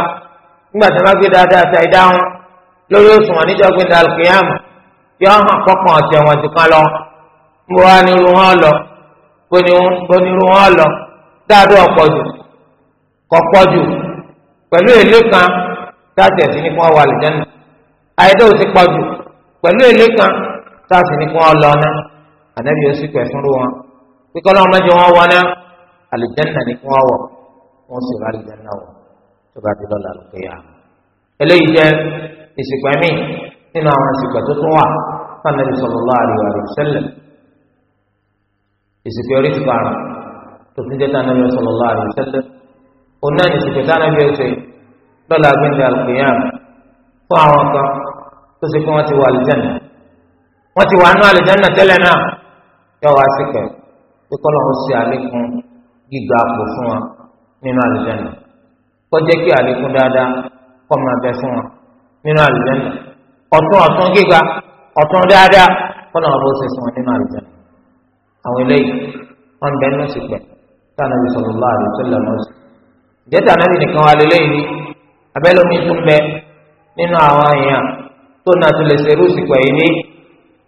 nígbà tí wọ́n gbé dáadáa àtàìdá wọn lórí òṣùwọ̀n níjọ́ gbé dàlùkìyàmù yọ hàn káàdó ọ̀pọ̀ jù kọ̀pọ̀ jù pẹ̀lú èlé kan táàtì ẹ̀sìn ní kí wọ́n wà lè jẹ́nu àìdá ò ti pọ̀ jù pẹ̀lú èlé kan táàtì ní kí wọ́n lọ ná ànábì yóò sì pẹ̀ fún wọn pípọ́ náà mẹ́jọ wọn wọ ná àlùjẹ́nà ní kí wọ́n wọ̀ wọ́n sì rà àlùjẹ́nà wọ̀ tó bá ti lọ́la lùkẹ́yà eléyìí jẹ́ ìsìnkú mi nínú àwọn ìsìnkú tó tún wà fún ànábì sallallahu alaihi wa sallam ìsìnkú orí ti parun tó ti jẹ́ tánàbí sallallahu alaihi wasallam òun náà ní sèké tánàbí ẹsẹ̀ lọ́la gbẹ̀ndẹ̀ al-qiyam fún àwọn kan tó ṣe pé wọ́n ti wọ àlìjánà wọ́n ti wà nú àlìjánà tẹ́lẹ̀ náà yọ wá sí kẹ̀ pé kọ́lọ́ ń ṣe àlékún gíga àpò fún wa nínú àlìjánà kọjá kí àlékún dáadáa kọ́ máa bẹ fún wa nínú àlìjánà ọ̀tún ọ̀tún gíga ọ̀tún dáadáa kọ́lọ́ ń ṣe fún wa nínú àlìjánà àwọn eléyìí wọ́n bẹ ní òsì pẹ̀lú sanabi sallallahu alaihi wasallam jẹta anabi nìkan wà lélẹyìn ni abẹlómi tún bẹ nínú àwọn èèyàn tó náà tún lè ṣerú ìsìnkú ẹ̀yìn ní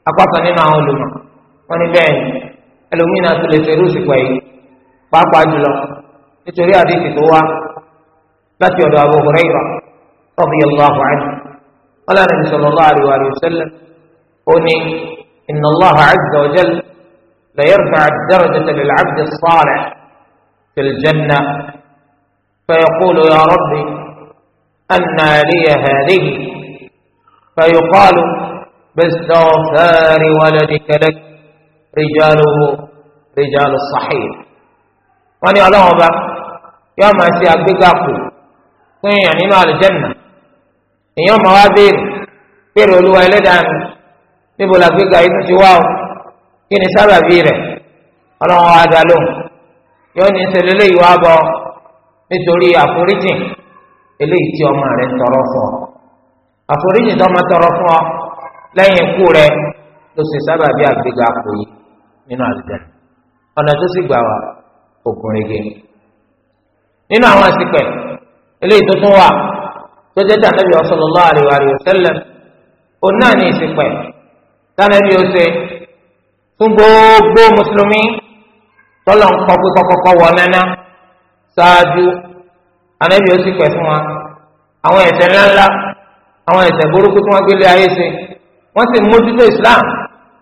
apá nínú àwọn olùmọ̀ wọn ní bẹ́ẹ̀ ni ẹlòmíì náà lè ṣerú ìsìnkú ẹ̀yìn pàápàá jùlọ nítorí àdéhùn tó wá láti ọ̀dọ̀ Abu Hurairah radiyallahu anhu qala Nabi sallallahu alaihi wasallam ó ní inna Allaha azza wa jalla la yarfa'u ad-darajata lil-'abdi as-salih. في الجنة فيقول يا ربي أن لي هذه فيقال باستغفار ولدك لك رجاله رجال الصحيح wọ́n ní ọlọ́wọ́n bá yọ máa ṣe àgbégàkù fún èèyàn nínú àlùjẹ́nà èèyàn máa wá béèrè béèrè olúwa ẹlẹ́dàá níbo làgbéga inú ti wá o kí ni sábàbí rẹ̀ ọlọ́wọ́n wá dá lóhùn yóò ní sẹlẹ lè wa bọ nítorí àforíjìn eléyìí tí ọmọ rẹ tọrọ fún ọ àforíjìn tó ọmọ tọrọ fún ọ lẹ́yìn ikú rẹ ló ṣe sábà bí àgbéga kò yí nínú àlùjáde ọ̀nà tó sì gbà wá nínú àwọn àsìpẹ̀ eléyìí tó tún wà tó jẹ́ tànàbí sallallahu alaihi wa sallam òun náà ní fún gbogbo mùsùlùmí. tọ́lọ̀ ń kọ́ pé kọ́kọ́kọ́ wọ nánà ṣáájú anábì ó sì pẹ̀ fún wa àwọn ẹ̀ṣẹ̀ ńláńlá àwọn ẹ̀ṣẹ̀ burúkú tí wọ́n gbélé ayé ṣe wọ́n sì mójútó Islam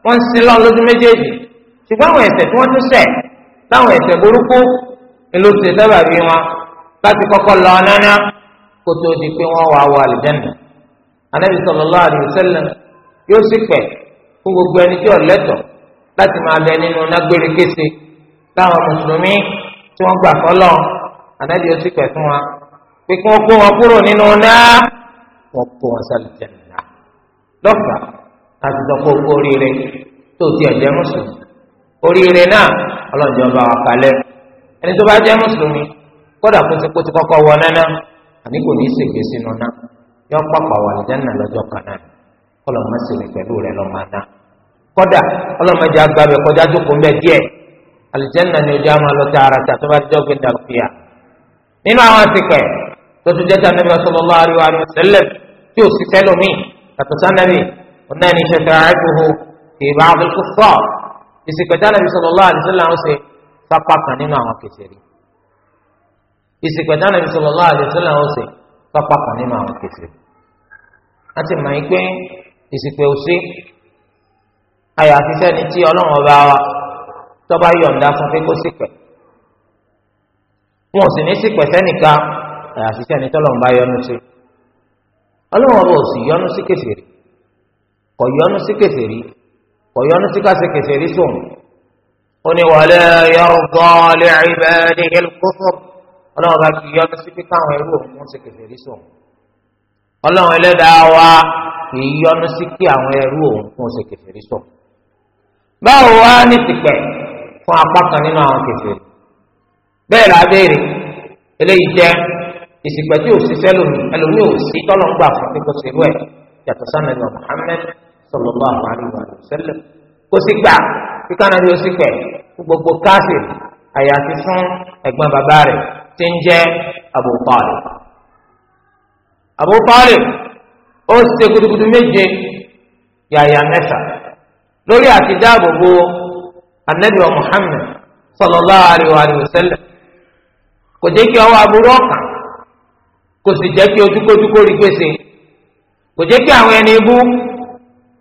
wọ́n ń sin lọ́n lójú méjèèjì ṣùgbọ́n àwọn ẹ̀ṣẹ̀ tí wọ́n tún ṣẹ̀ láwọn ẹ̀ṣẹ̀ burúkú ìlú ti sábà bí wọn láti kọ́kọ́ lọ nánà kó di pé wọ́n wàá wọ àlùjánnà anábì sallallahu alaihi wasallam yóò sì pẹ̀ fún gbogbo ẹni tí ó lẹ́tọ̀ọ́ láti máa bẹ nínú nágbére kése táwọn mùsùlùmí tí wọ́n gbà fọlọ́ ànábì ó sì pẹ̀ fún wa pé kí wọ́n kó wọn kúrò nínú náà wọ́n kó wọn sálì jẹ̀ nà lọ́fà láti sọ pé kó oríire tó ti ẹ̀jẹ̀ mùsùlùmí oríire náà ọlọ́njọ́ bá wà kalẹ̀ ẹni tó bá jẹ́ mùsùlùmí kódà kó ti kó ti kọ́kọ́ wọ náná àní kò ní í ṣègbè sínú náà yọ pàpà wà lẹ́jẹ̀nà lọ́jọ́ kan náà kọlọ́mọ sì ní pẹ̀lú rẹ̀ lọ́mọ náà kódà ọlọ́mọdé agbábẹ́ kọjá jókòó ń díẹ̀ alìjẹ́nà ni ojú àmà lọ tààràtà tó bá jẹ́ òkè dàlùkìyà nínú àwọn àtìpẹ́ tó tún jẹ́ta nàbí sallallahu alaihi wa sallam tí ò sì sẹ́lò mí kàtó sànàbí ọ̀nà ẹni ṣe fẹ́ àìkúhu kì í bá a kó sọ̀ ìsìnkẹ̀tà nàbí sallallahu alaihi wa sallam ń ṣe sápá kan nínú àwọn kèsìrì ìsìnkẹ̀tà nàbí sallallahu alaihi wa sallam ṣe sápá kan nínú àwọn kèsìrì tọ́ba yọ̀ǹda fún pé kó ṣìpẹ̀ wọn ò sì ní ṣìpẹ̀ sẹ́nìkan àyàfi sẹ́ni tọ́lọ̀ ń bá yọ́nú sí ọlọ́run ọba ò sì yọ́nú sí kèfèrí kò yọ́nú sí kèfèrí kò yọ́nú sí ká ṣe kèfèrí sùn ó ní wala yarda li ibadihi al-kufr ọlọ́run ọba kì í yọ́nú sí pé káwọn ẹrú òun ṣe kèfèrí sùn ọlọ́run ẹlẹ́dàá wa kì í yọ́nú sí kí àwọn ẹrú òun ṣe kèfèrí sùn báwo wá ní tìpẹ́ fún apá kan nínú àwọn kèfèrí bẹ́ẹ̀ la béèrè eléyìí jẹ́ ìsìnkú tí òṣìṣẹ́ lòmí ẹlòmí òsì tọ́lọ̀ ń gbà fún kíkó ṣerú ẹ̀ yàtọ̀ sànàbí Muhammad sallallahu alaihi wa sallam kó sì gbà kíkọ́ náà yóò sì pẹ̀ fún gbogbo káàsì àyàfi fún ẹ̀gbọ́n bàbá rẹ̀ tí ń jẹ́ Abu Talib Abu Talib ṣe gudugudu méje yàyà mẹ́ta lórí àti dáàbò bo anabi wa muhammed sallallahu alayhi wa sallam kò jẹ́ kí ọwọ́ aburú ọ̀kan kò sì jẹ́ kí ojúkójú kó rí gbèsè kò jẹ́ kí àwọn ẹni ibú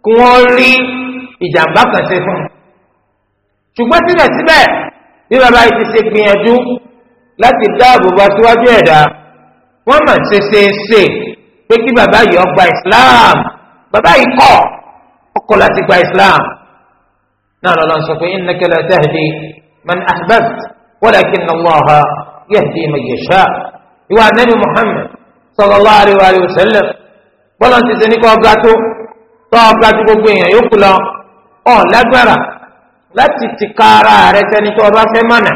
kí wọ́n rí ìjàmbá kan ṣe fún un ṣùgbọ́n síbẹ̀síbẹ̀ bí bàbá yìí ti ṣe gbìyànjú láti dáàbò bá síwájú ẹ̀dá wọ́n mà ṣe ṣe ṣe pé kí bàbá yìí ó gba islam bàbá yìí kọ̀ ọkọ̀ láti gba islam náà lọ́la ń sọ pé innaka la tahdi man ahbabta walakinna Allaha yahdi man yasha ìwà nẹ́bí Muhammad sallallahu alayhi wa sallam bọ́lá ti ṣe ní kọ́ ọgá tó tọ́ ọgá tó gbogbo èèyàn yókù lọ ọ̀ lágbára láti ti ka ara rẹ sẹ́ni tó ọba fẹ́ mọ̀nà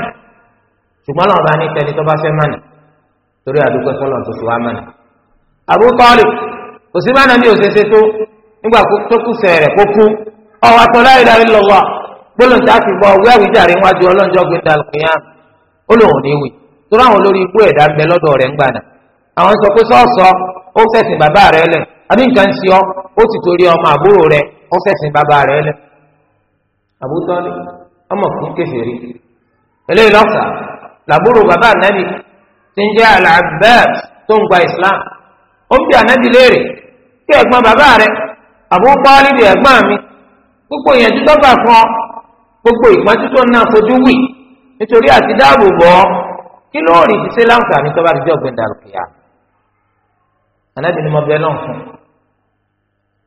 ṣùgbọ́n lọ́wọ́ bá ní sẹ́ni tó ọba fẹ́ mọ̀nà torí àdúgbò sọ́lọ̀ tó fi wá mọ̀nà. Abu Talib kò sí bá nàbí òṣèṣe tó nígbà tó kù sẹ̀rẹ̀ kó kú ọwọ́ àtọ́lá ìdarí lọ́wọ́ gbólóhùn tí a fi bọ́ ọwọ́ ẹ̀wì jàre wájú ọlọ́njọ́ gbé dàlùkìyàn ó lòun ní wì tó ráwọn olórí ikú ẹ̀dá bẹ lọ́dọ̀ rẹ̀ ń gbàdà àwọn sọ pé sọ́ọ̀sọ́ ó fẹ̀sìn bàbá rẹ̀ lẹ̀ àbí nǹkan sí ọ ó sì torí ọmọ àbúrò rẹ̀ ó fẹ̀sìn bàbá rẹ̀ lẹ̀ àbútọ́ ni ọmọ kún kẹfẹ́rí eléyìí lọ́sà làbúrò bàbá ànábì ti ń jẹ́ al tó ń gbogbo ìyẹn tó sábà fún ọ gbogbo ìgbọ́n títọ́ náà fojú wì nítorí àti dáàbò bọ́ kí ló rí ti ṣe láǹfààní tó bá ti jẹ́ ọ̀gbìn dàrú kìá anábì ni mo bẹ lọ́n fún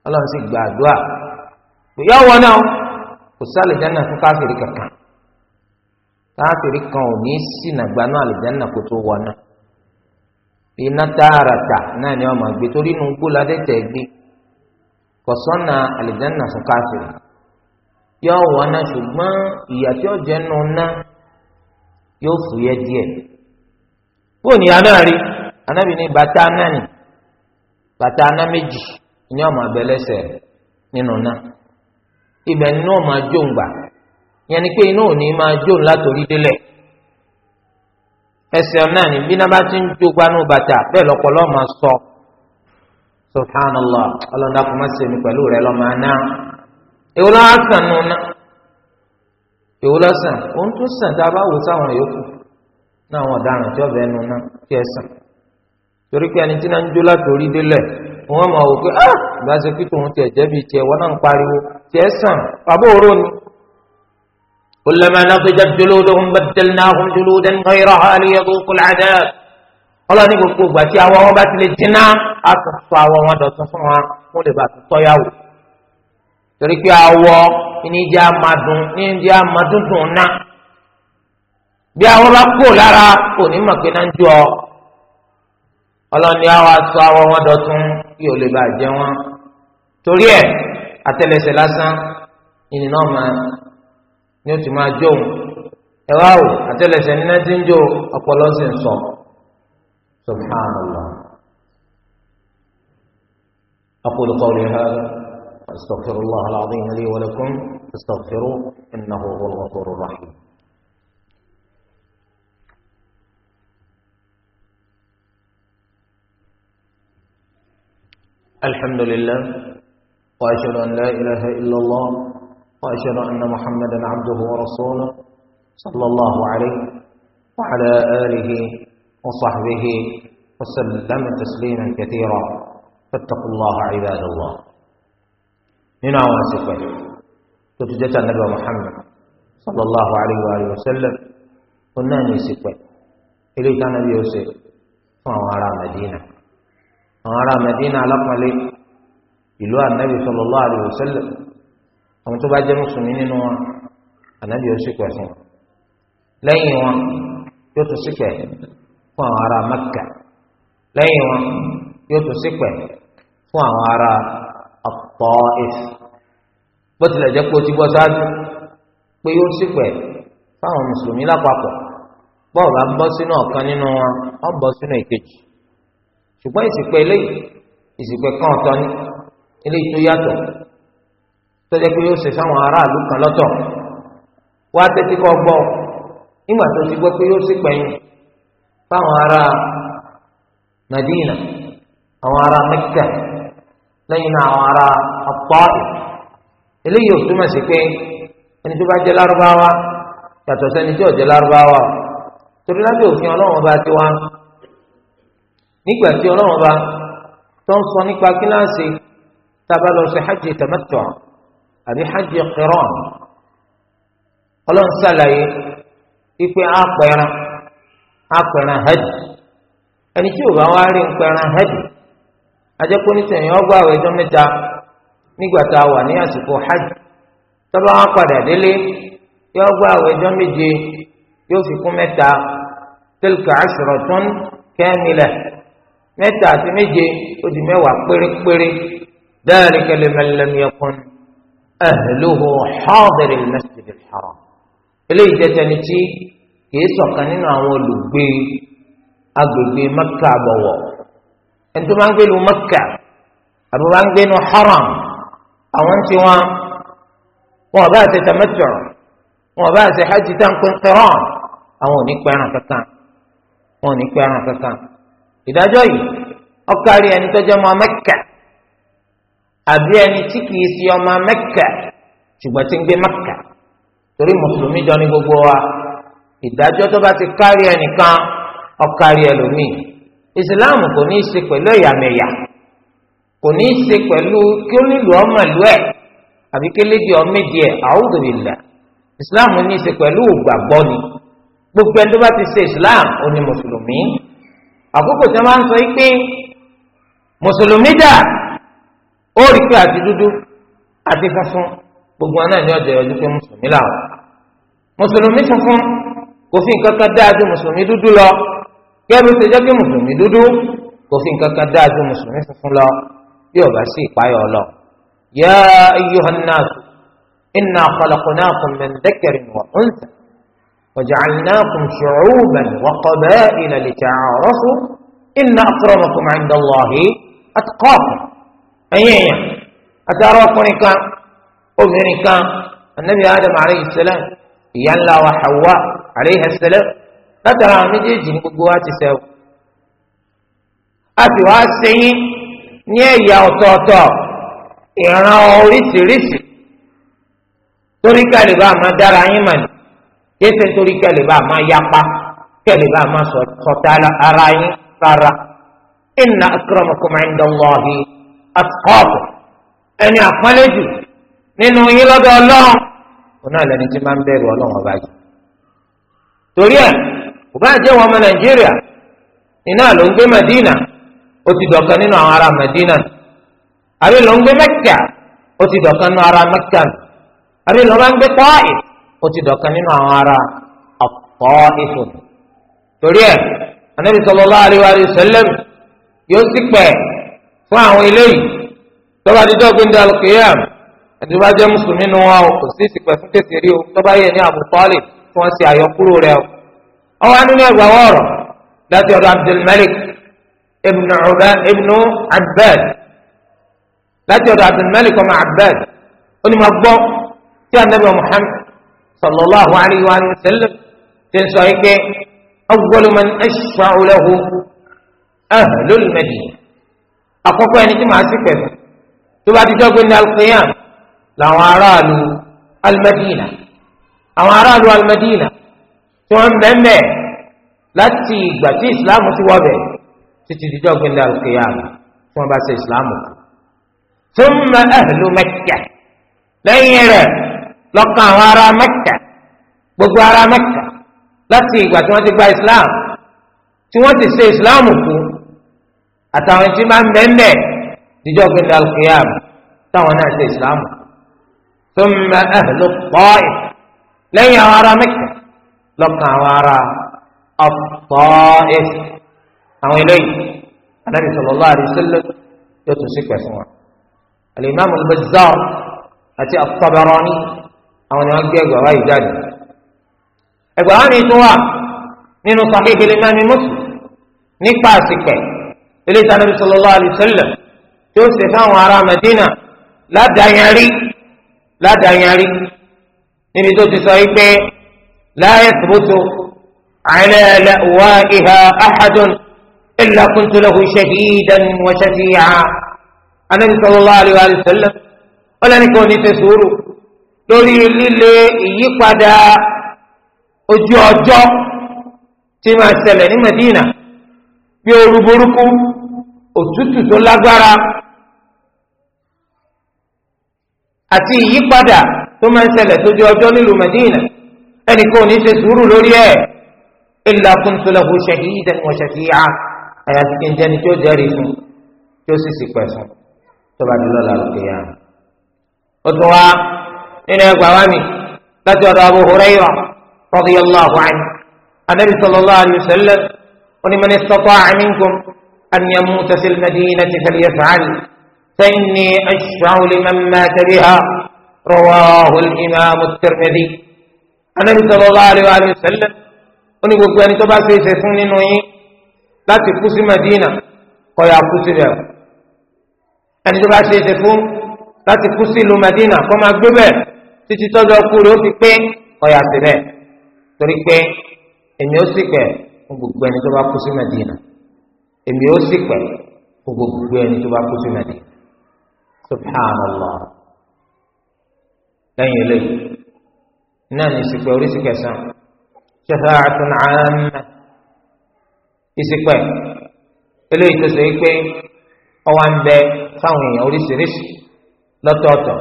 ọlọ́run sì gba àdúrà kò yá wọn náà kò sí àlìjáná fún káfíìrì kankan káfíìrì kan ò ní sí nàgbà náà àlìjáná kò tó wọ náà iná tààràtà náà ni wọn máa gbé torí inú gbó ládẹ́tẹ̀ gbé kọ̀sọ́nà àlìjáná fún káfíìrì. yọ wọ ná ṣùgbọ́n ìyà tí ọ̀jẹ̀ nù ná yóò fúyẹ́ díẹ̀. bó ní aná anábì ní bàtà aná bàtà aná méjì ní ọmọ abẹ́lẹ́sẹ̀ nínú ibẹ̀ ọmọ yẹn ni pé inú òní máa jó látòrí délẹ̀ ẹsẹ̀ náà ní bí náà bá ti ń jó gbanú bàtà bẹ́ẹ̀ lọ́pọ̀lọ́ máa sọ subhanallah ọlọ́dà kò má ṣe mi pẹ̀lú rẹ èwo lọ́wọ́ sàn nù ná èwo lọ́ sàn òun tún sàn tá a bá wò sáwọn yòókù náà àwọn ọ̀daràn tí ọ̀bẹ nù ná kí ẹ sàn torí pé ẹni tí náà ń jó látòrí délẹ̀ wọn máa wò pé ah ìbáṣe pé tòun tiẹ̀ jẹ́bi tiẹ̀ wọn náà ń pariwo tiẹ̀ sàn pàbó òró ni. كلما نضجت جلودهم بدلناهم جلودا غيرها ليذوقوا العذاب الله gbogbo ìgbà tí àwọn ọmọ bá ti lè jiná a tún sọ torí pé awọ ní jẹ́ amadun ní jẹ́ amadundun ná bí awọ bá kó lára kò ní mọ̀ pé náà ń jọ awọ wọn dọ̀tún kí o lè jẹ wọn torí lásán ìní náà máa o ti máa ẹ wá o ní náà ti ń ọpọlọ sì ń sọ subhanallah. أقول قولي أستغفر الله العظيم لي ولكم استغفروا إنه هو الغفور الرحيم الحمد لله وأشهد أن لا إله إلا الله وأشهد أن محمدا عبده ورسوله صلى الله عليه وعلى آله وصحبه وسلم تسليما كثيرا فاتقوا الله عباد الله nínú àwọn àsìkò ẹ̀ tó ti jẹ́ tànàbí wa Muhammad sallallahu alayhi wa sallam ó náà ní ìsìkò ẹ̀ ilé tànàbí ó ṣe fún àwọn ará Madina àwọn ará Madina alápọ̀nlé ìlú ànábì sallallahu alayhi wa sallam àwọn tó bá jẹ́ mùsùlùmí nínú wọn ànábì ó ṣìkò fún lẹ́yìn wọn yóò tún ṣìkò fún àwọn ará Makka lẹ́yìn wọn yóò tún ṣìkò fún àwọn ará. at-Ta'if bó tilẹ̀ jẹ́ pé o ti gbọ́ sáájú pé yóò sì pẹ̀ fáwọn mùsùlùmí lápapọ̀ bọ́ọ̀ bá bọ́ sínú ọ̀kan nínú wọn wọ́n bọ́ sínú ìkejì ṣùgbọ́n ìsìnkú eléyìí ìsìnkú kan ọ̀tọ̀ ni eléyìí tó yàtọ̀ tó jẹ́ pé yóò ṣe lẹ́yìn náà àwọn ará ọ̀pọ̀ eléyìí ò túmọ̀ sí pé ẹni tó bá jẹ́ lárúbáwá yàtọ̀ sẹ́ni tí ò jẹ́ lárúbáwá torí lábẹ́ òfin ọlọ́run ọba tiwa nígbà tí ọlọ́run ọba tó ń sọ nípa kíláàsì tábà lọ sí hajj tamattu àbí hajj qiran ọlọ́run ṣàlàyé wípé á pẹ̀ran hajj ẹni tí ò bá wá rí ń hajj ajẹ́pọ̀ nísìnyí ọgbà àwọn ẹjọ́ mẹ́ta nígbà tá a wà ní àsìkò hajj tọ́ba wọn padà délé yóò gbà àwọn ẹjọ́ méje yóò fi kún mẹ́ta tilka ashratun kamila mẹ́ta àti méje ó di mẹ́wàá pérépéré dhalika liman lam yakun ahluhu hadiril masjidil eléyìí jẹ́ tẹni tí kìí ṣọ̀kan nínú àwọn olùgbé agbègbè Mẹ́kà bọ̀wọ̀ ẹni tó bá ń gbé lu Mẹ́kà àbí bá ń gbé nu haram àwọn tí wọn wọn bá ṣe tamattu wọn bá ṣe hajj tá n pín qiran àwọn ò ní pẹ́ ẹran kankan wọn ò ní pẹ́ ẹran kankan ìdájọ́ yìí ọkàrí ẹni tó jẹ́ ọmọ Mẹ́kà àbí ẹni tí kìí ṣe ọmọ Mẹ́kà ṣùgbọ́n tí ń gbé Mẹ́kà torí mùsùlùmí jọ ní gbogbo wa ìdájọ́ tó bá ti kárí ẹnìkan ọkàrí ẹlòmíì islam kò ní í ṣe pẹ̀lú ẹ̀yàmẹ̀yà kò ní í ṣe pẹ̀lú kí ó nílò ọmọ ìlú ẹ̀ àbí kélédì ọmọdé ẹ̀ a'udhu islam ní í ṣe pẹ̀lú ògbàgbọ́ ni gbogbo ẹni tó bá ti ṣe islam ó ní mùsùlùmí àkókò tí wọ́n máa ń sọ yìí pé mùsùlùmí dà ó rí pé àti dúdú àti funfun gbogbo wọn náà ní ọjọ́ ìyọjú pé mùsùlùmí làwọn mùsùlùmí funfun kò fi nǹkan kan dáa ju mùsùlùmí dúdú lọ. kẹ́rù ti jẹ́ kí mùsùlùmí dúdú kò fi nǹkan kan dáa ju mùsùlùmí funfun lọ bí ọba sí ìpayọ̀ lọ. yá ayyuhan nas inna khalaqnakum min dhakarin wa ó ń untha wa ja'alnakum shu'uban wa qaba'ila lita'arafu inna akramakum 'inda Allahi atqakum. ẹ̀yin èèyàn àtàrà ọkùnrin kan obìnrin kan anabi adam alayhi salam ìyá ńlá wa hawa alayhi salam. látara àwọn méjèèjì ní gbogbo wa ti sẹ́wọ̀ a sì wá sẹ́yìn ní ẹ̀yà ọ̀tọ̀ọ̀tọ̀ ìran oríṣiríṣi torí kálí bá máa dára yín mà ní yéésì nítorí bá máa yapa bá máa sọ̀tà ara yín rárá inna akramakum indallahi atqakum ẹni àpọ́nlẹ́jù nínú yín lọ́dọ̀ ọlọ́run òun náà máa ń bẹ̀rù ọba yìí torí kò bá jẹ́ wọn ọmọ nàìjíríà iná ló ń gbé madina ó ti dọ̀kan nínú àwọn ará madina àbí ló ń gbé mẹ́kà ó ti dọ̀kan nínú ará mẹ́kà àbí ló bá ń gbé pọ́ọ̀ì ó ti dọ̀kan nínú àwọn ará ọ̀pọ̀ ìfò torí ẹ̀ anabi sallallahu alaihi wa sallam yóò sì pẹ̀ fún àwọn eléyìí tọ́ba dídọ́ gbẹ̀ndẹ̀ alqiyam ẹni mùsùlùmí nu wọn kò sí ìsìnkú ẹ̀fún kẹsì o tọ́ba yẹ ní Abu Talib tí wọ́n ṣe àyọkúrò rẹ̀ o ọwọ́ nínú ẹgbàá wọ̀rọ̀ láti ọ̀dọ̀ abdulmalik ibn ọ̀bẹ́n ibn abed láti ọ̀dọ̀ abdulmalik ọmọ abed ó ní ma gbọ́ tí anabi muhammad sallallahu alayhi wa sallam ti sọ yìí pé awwalu man ashfa'u lahu ahlul madina àkọ́kọ́ ẹni tí màá sì pẹ̀lú tó bá ti dọ́gbìn ní alqiyam làwọn aráàlú almadina àwọn aráàlú almadina tí wọ́n ń bẹ́ẹ̀ láti ìgbà tí ìsìláàmù ti wọ́ bẹ̀ títí dídọ́ gbẹ̀ndà al-qiyama tí wọ́n bá ṣe ìsìláàmù. thumma ahlu Makkah lẹ́yìn rẹ̀ lọ́kàn àwọn ará Makkah gbogbo ará Makkah láti ìgbà tí wọ́n ti gba ìsìláàmù tí wọ́n ti ṣe ìsìláàmù kú àtàwọn tí máa ń bẹ́ẹ̀ dídọ́ gbẹ̀ndà al táwọn náà ṣe ìsìláàmù. thumma ahlu Ta'if lẹ́yìn àwọn ará Makkah lọ́kàn àwọn ará ọ̀pọ̀ọ́ẹ́sì àwọn eléyìí anábì sallallahu alaihi wasallam yóò tún sí pẹ̀sìn wọn. al-Imam al-Bazzar àti at-Tabarani àwọn ni wọ́n gbé ẹgbàá wáyé jáde. ẹgbàá wọn ni tún wà nínú Sahih al-Imam nípa àsìpẹ̀ ilé anábì sallallahu alaihi wasallam tí ó sì fáwọn ará Madina ládàáyárí ládàáyárí níbi tó ti sọ yìí pé. لا يثبت على لأوائها أحد إلا كنت له شهيدا وشفيعا أنا صلى الله عليه وسلم ولا نكون تسور لولي اللي يقعد أجو أجو تما سلين مدينة بيورو بوركو أجوتو سلا غارا أتي يقعد تما سلين أجو أجو للمدينة ẹnì kan ò ní ṣe sùúrù lórí ẹ̀ illa kuntu lahu shahidan wa shafi'a àyàfi kí n jẹ́ni tí ó jẹ́rìí fún tí ó sì sì pẹ̀sán tó bá di lọ́la lókè yá. ó tún wá nínú ẹgbàá wa mi láti ọ̀dọ̀ Abu Hurairah radiyallahu anhu anabi sallallahu alayhi wa sallam oní man istata'a minkum an yamuta fil madinati falyaf'al فإني أشفع لمن مات بها رواه الإمام الترمذي anabi sallallahu alaihi wa sallam ó ní gbogbo ẹni tó bá ṣe é ṣe fún nínú yín láti kú sí Madina kọyà kú síbẹ̀ ẹni tó bá ṣe é ṣe fún láti kú sí ìlú Madina kọ́ máa gbé bẹ́ẹ̀ títí tọ́jọ́ kú rẹ̀ ó fi pé kọyà síbẹ̀ torí pé èmi ó sì pẹ̀ fún gbogbo ẹni tó bá kú sí Madina èmi ó sì pẹ̀ fún gbogbo ẹni tó bá kú sí Madina subhanallah lẹ́yìn eléyìí. náà ní ìsìnkú oríṣi kẹsàn-án shafa'atun 'ammah ìsìnkú eléyìí tó ṣe é pé ọwọ́ ń bẹ fáwọn èèyàn oríṣiríṣi lọ́tọ̀ọ̀tọ̀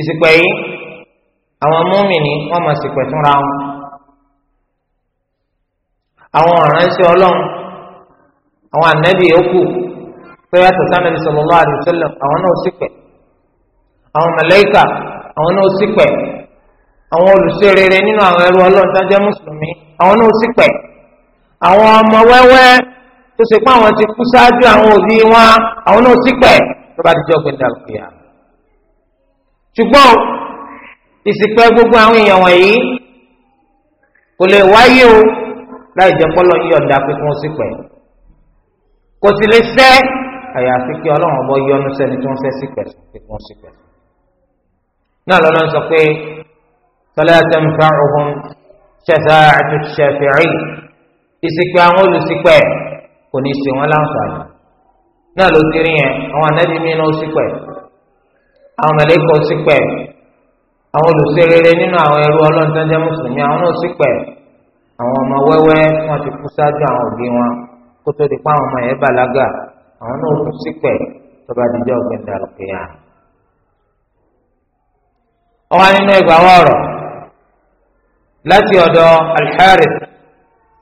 ìsìnkú yìí àwọn múmìnì wọn àwọn ọ̀ránṣẹ́ ọlọ́run àwọn ànábì yòókù tó yàtọ̀ sanabi sallallahu alaihi awọn àwọn náà sìnkú àwọn màláíkà àwọn náà àwọn olùṣe rere nínú àwọn ẹrú ọlọ́run tó jẹ́ mùsùlùmí àwọn náà sì pẹ̀ àwọn ọmọ wẹ́wẹ́ tó ṣe pé àwọn ti kú ṣáájú àwọn òbí wọn àwọn náà sì pẹ̀ tó bá ti jẹ́ ọ̀gbìn dàgbìyà. ṣùgbọ́n ìsìnkẹ́ gbogbo àwọn èèyàn wọ̀nyí kò lè wáyé o láì jẹ́ pọ́lọ́ yọ̀ǹda pé kí wọ́n pẹ̀ kò sì lè ṣẹ àyàfi kí ọlọ́run ọbọ̀ yọ́nú sẹ́ni tó ń fẹ́ sí pẹ̀sùn pé kí wọ́n sì náà lọ́lọ́run فلا تنفعهم شفاعة الشافعين ìsìnkú àwọn olùsìnkú kò ní ṣe wọn láǹfààní náà ló ti rí yẹn àwọn anábì mi náà sìnkú àwọn mẹlẹkọ sìnkú àwọn olùsèrèrè nínú àwọn ẹrú ọlọ́ọ̀dẹ́jẹ́ mùsùlùmí àwọn náà sìnkú àwọn ọmọ wẹ́wẹ́ wọn ti kú ṣáájú àwọn òbí wọn kó tó di pa àwọn ọmọ yẹn bàlágà àwọn náà kú sìnkú tọba dídí ọgbẹ́ndà lọ́kẹ́yà. ọ̀hán nínú ẹgbàá wọ̀rọ̀. láti ọ̀dọ̀ alḥarith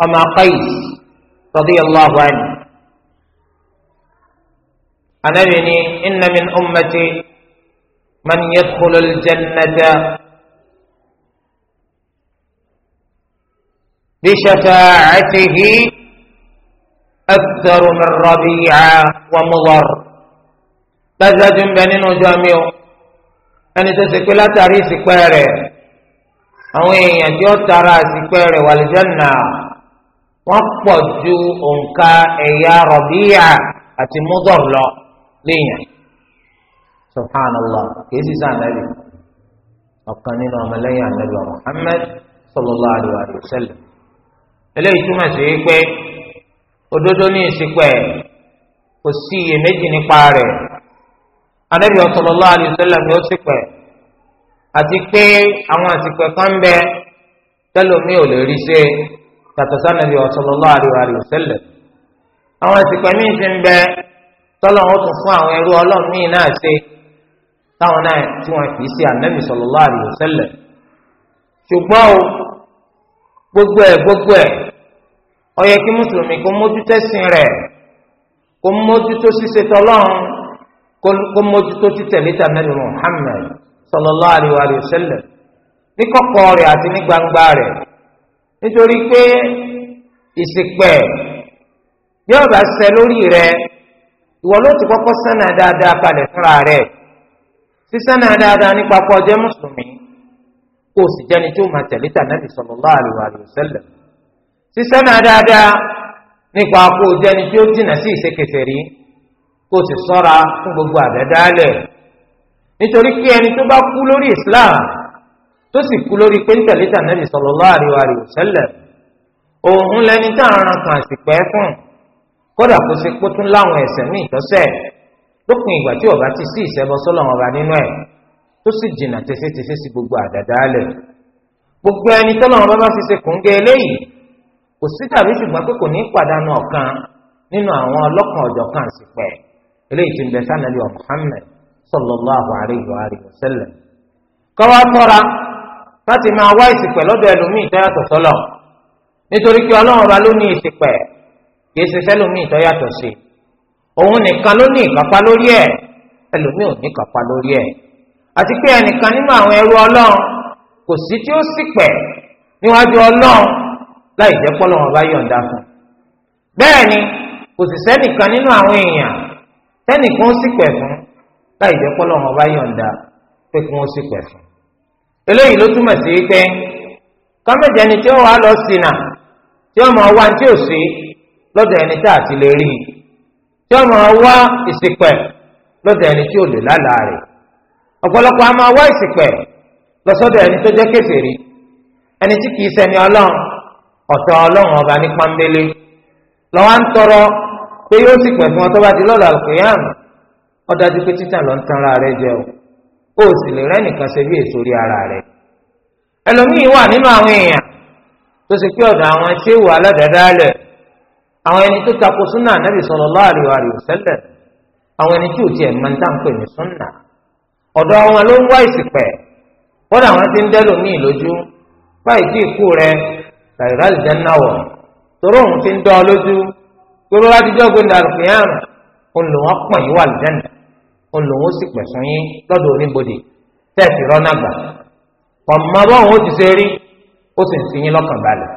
ọmọ qais radiyallahu anhu anabi ni inna min ummati man yadkhulu aljannata بشفاعته أكثر من ربيعة ومضر تزاد بنين جميع أن تسكلا تاريخ كبيره àwọn èèyàn tí ó tara àsìpẹ́ rẹ̀ wà lìjánà wọ́n pọ̀ ju òǹkà ẹ̀yà rọ̀bíyà àti mudar lọ léèyàn subhanallah kìí sísá ànábì ọ̀kan nínú ọmọlẹ́yìn ànábì Muhammad sallallahu alayhi wa sallam eléyìí túmọ̀ sí pé òdodo ní ìsìnkú ẹ̀ kò sí iyèméjì nípa rẹ̀ ànábì sallallahu alayhi wa ni ó sì pẹ̀ àti pé àwọn àsìkò kan ń bẹ tẹlomi ò lè rí ṣe tàtà sànàbí sallallahu alaihi wasallam àwọn àsìkò míì ti ń bẹ tọ́lọ̀ wọn tún fún àwọn ẹrú ọlọ́run míì náà ṣe táwọn náà tí wọn kì í ṣe ànábì sallallahu alaihi wasallam ṣùgbọ́n o gbogbo ẹ̀ gbogbo ẹ̀ ó kí mùsùlùmí kó mójútó sìn rẹ̀ kó mójútó ṣíṣe tọ́lọ́run kó mójútó títẹ̀lé tànábì sallallahu alaihi wa sallam ní kọ̀kọ̀ rẹ̀ àti ní gbangba rẹ̀ nítorí pé ìṣìpẹ̀ bí ọba ṣẹ lórí rẹ̀ ìwọ ló ti kọ́kọ́ sánà dáadáa kalẹ̀ fúnra rẹ̀ sísánà dáadáa nípa kó jẹ́ mùsùlùmí kó o sì jẹ́ni tó máa tẹ̀lé tànàbì sallallahu alaihi wa sallam sísánà dáadáa nípa kó o jẹ́ni tó jìnnà sí ìṣekèsè rí kó o sì ṣọ́ra fún gbogbo àdádálẹ̀ nítorí pé ẹni tó bá kú lórí islam tó sì kú lórí pé nítẹ̀lé tànàbì sallallahu alaihi wa sallam òun lẹni tá a ran kan àsìpẹ́ fún kódà kó ṣe pé tún láwọn ẹ̀ṣẹ̀ ní ìtọ́sẹ̀ lópin ìgbà tí ọba ti sí ìṣẹ́bọ sọ́lọ̀ ọba nínú ẹ̀ tó sì jìnnà tẹsẹtẹsẹ sí gbogbo àdàdálẹ̀ gbogbo ẹni tọ́lọ́run bá bá ti ṣe kòńgẹ́ eléyìí kò sí tàbí ṣùgbọ́n pé kò ní pàdánù ọ̀kan nínú àwọn ọlọ́kan ọ̀jọ̀kan àsìpẹ́ eléyìí ti ń bẹ sánàlì Muhammad sallallahu alayhi wa alihi wa sallam. kọ́wá mọ́ra láti máa wá ìsìpẹ̀ lọ́dọ̀ ẹlòmíì tó yàtọ̀ sọ́lọ̀ nítorí pé ọlọ́run ba ló ní ìsìpẹ̀ kìí ṣe sẹ́lòmíì tó yàtọ̀ sí òun nìkan ló ní ìkápá lórí ẹ̀ ẹlòmíì ò ní ìkápá lórí ẹ̀ àti pé ẹnìkan nínú àwọn ẹrú ọlọ́run kò sí tí ó ṣìpẹ̀ níwájú ọlọ́run láì jẹ́ pọ́lọ́run bá yọ̀ǹda fún bẹ́ẹ̀ ni kò sì sẹ́nìkan nínú àwọn èèyàn tẹ́nìkan ó ṣìpẹ̀ fún láì jẹ́ pọ́lọ́ wọn bá yọ̀ǹda pé kí wọ́n sì pẹ̀ fún un. eléyìí ló túmọ̀ sí pé kọ́mẹ̀jì ẹni tí ó lọ sí nà tí ó máa wá tí ò sí lọ́dọ̀ ẹni tí àti lè rí tí ó máa wá ìsìpẹ̀ lọ́dọ̀ ẹni tí ò lè lálàá rẹ̀ ọ̀pọ̀lọpọ̀ a máa wá ìsìpẹ̀ lọ́sọ́dọ̀ ẹni tó jẹ́ ẹni tí kìí ọlọ́run ọ̀tọ̀ ọlọ́run ọba ní pọ́nbélé lọ́wọ́ ń tọrọ pé yóò sì pẹ̀ fún ọ tó bá Ọ dájú pé lọ ń ara rẹ jẹ o ó sì lè rẹ nìkan ṣe bí èso rí ara rẹ ẹlòmíín wà nínú àwọn èèyàn tó ṣe pé ọ̀dọ̀ àwọn ṣéwù aládàádáálẹ̀ àwọn ẹni tó tako súnà àwọn ẹni tí ò máa ń ní súnà ọ̀dọ̀ àwọn ló ń wá ti ń lójú báyìí kí rẹ òun ti ń ọ lójú jọ́gbìn dàrú fìyàn òun olùwọ́n sì pẹ̀sùn yín lọ́dọ̀ oníbodè tẹ́ẹ̀sì rọ́nà gbà ọ̀mọ bọ́ọ̀n ó ti ṣe rí ó sì ń sin yín lọ́kàn balẹ̀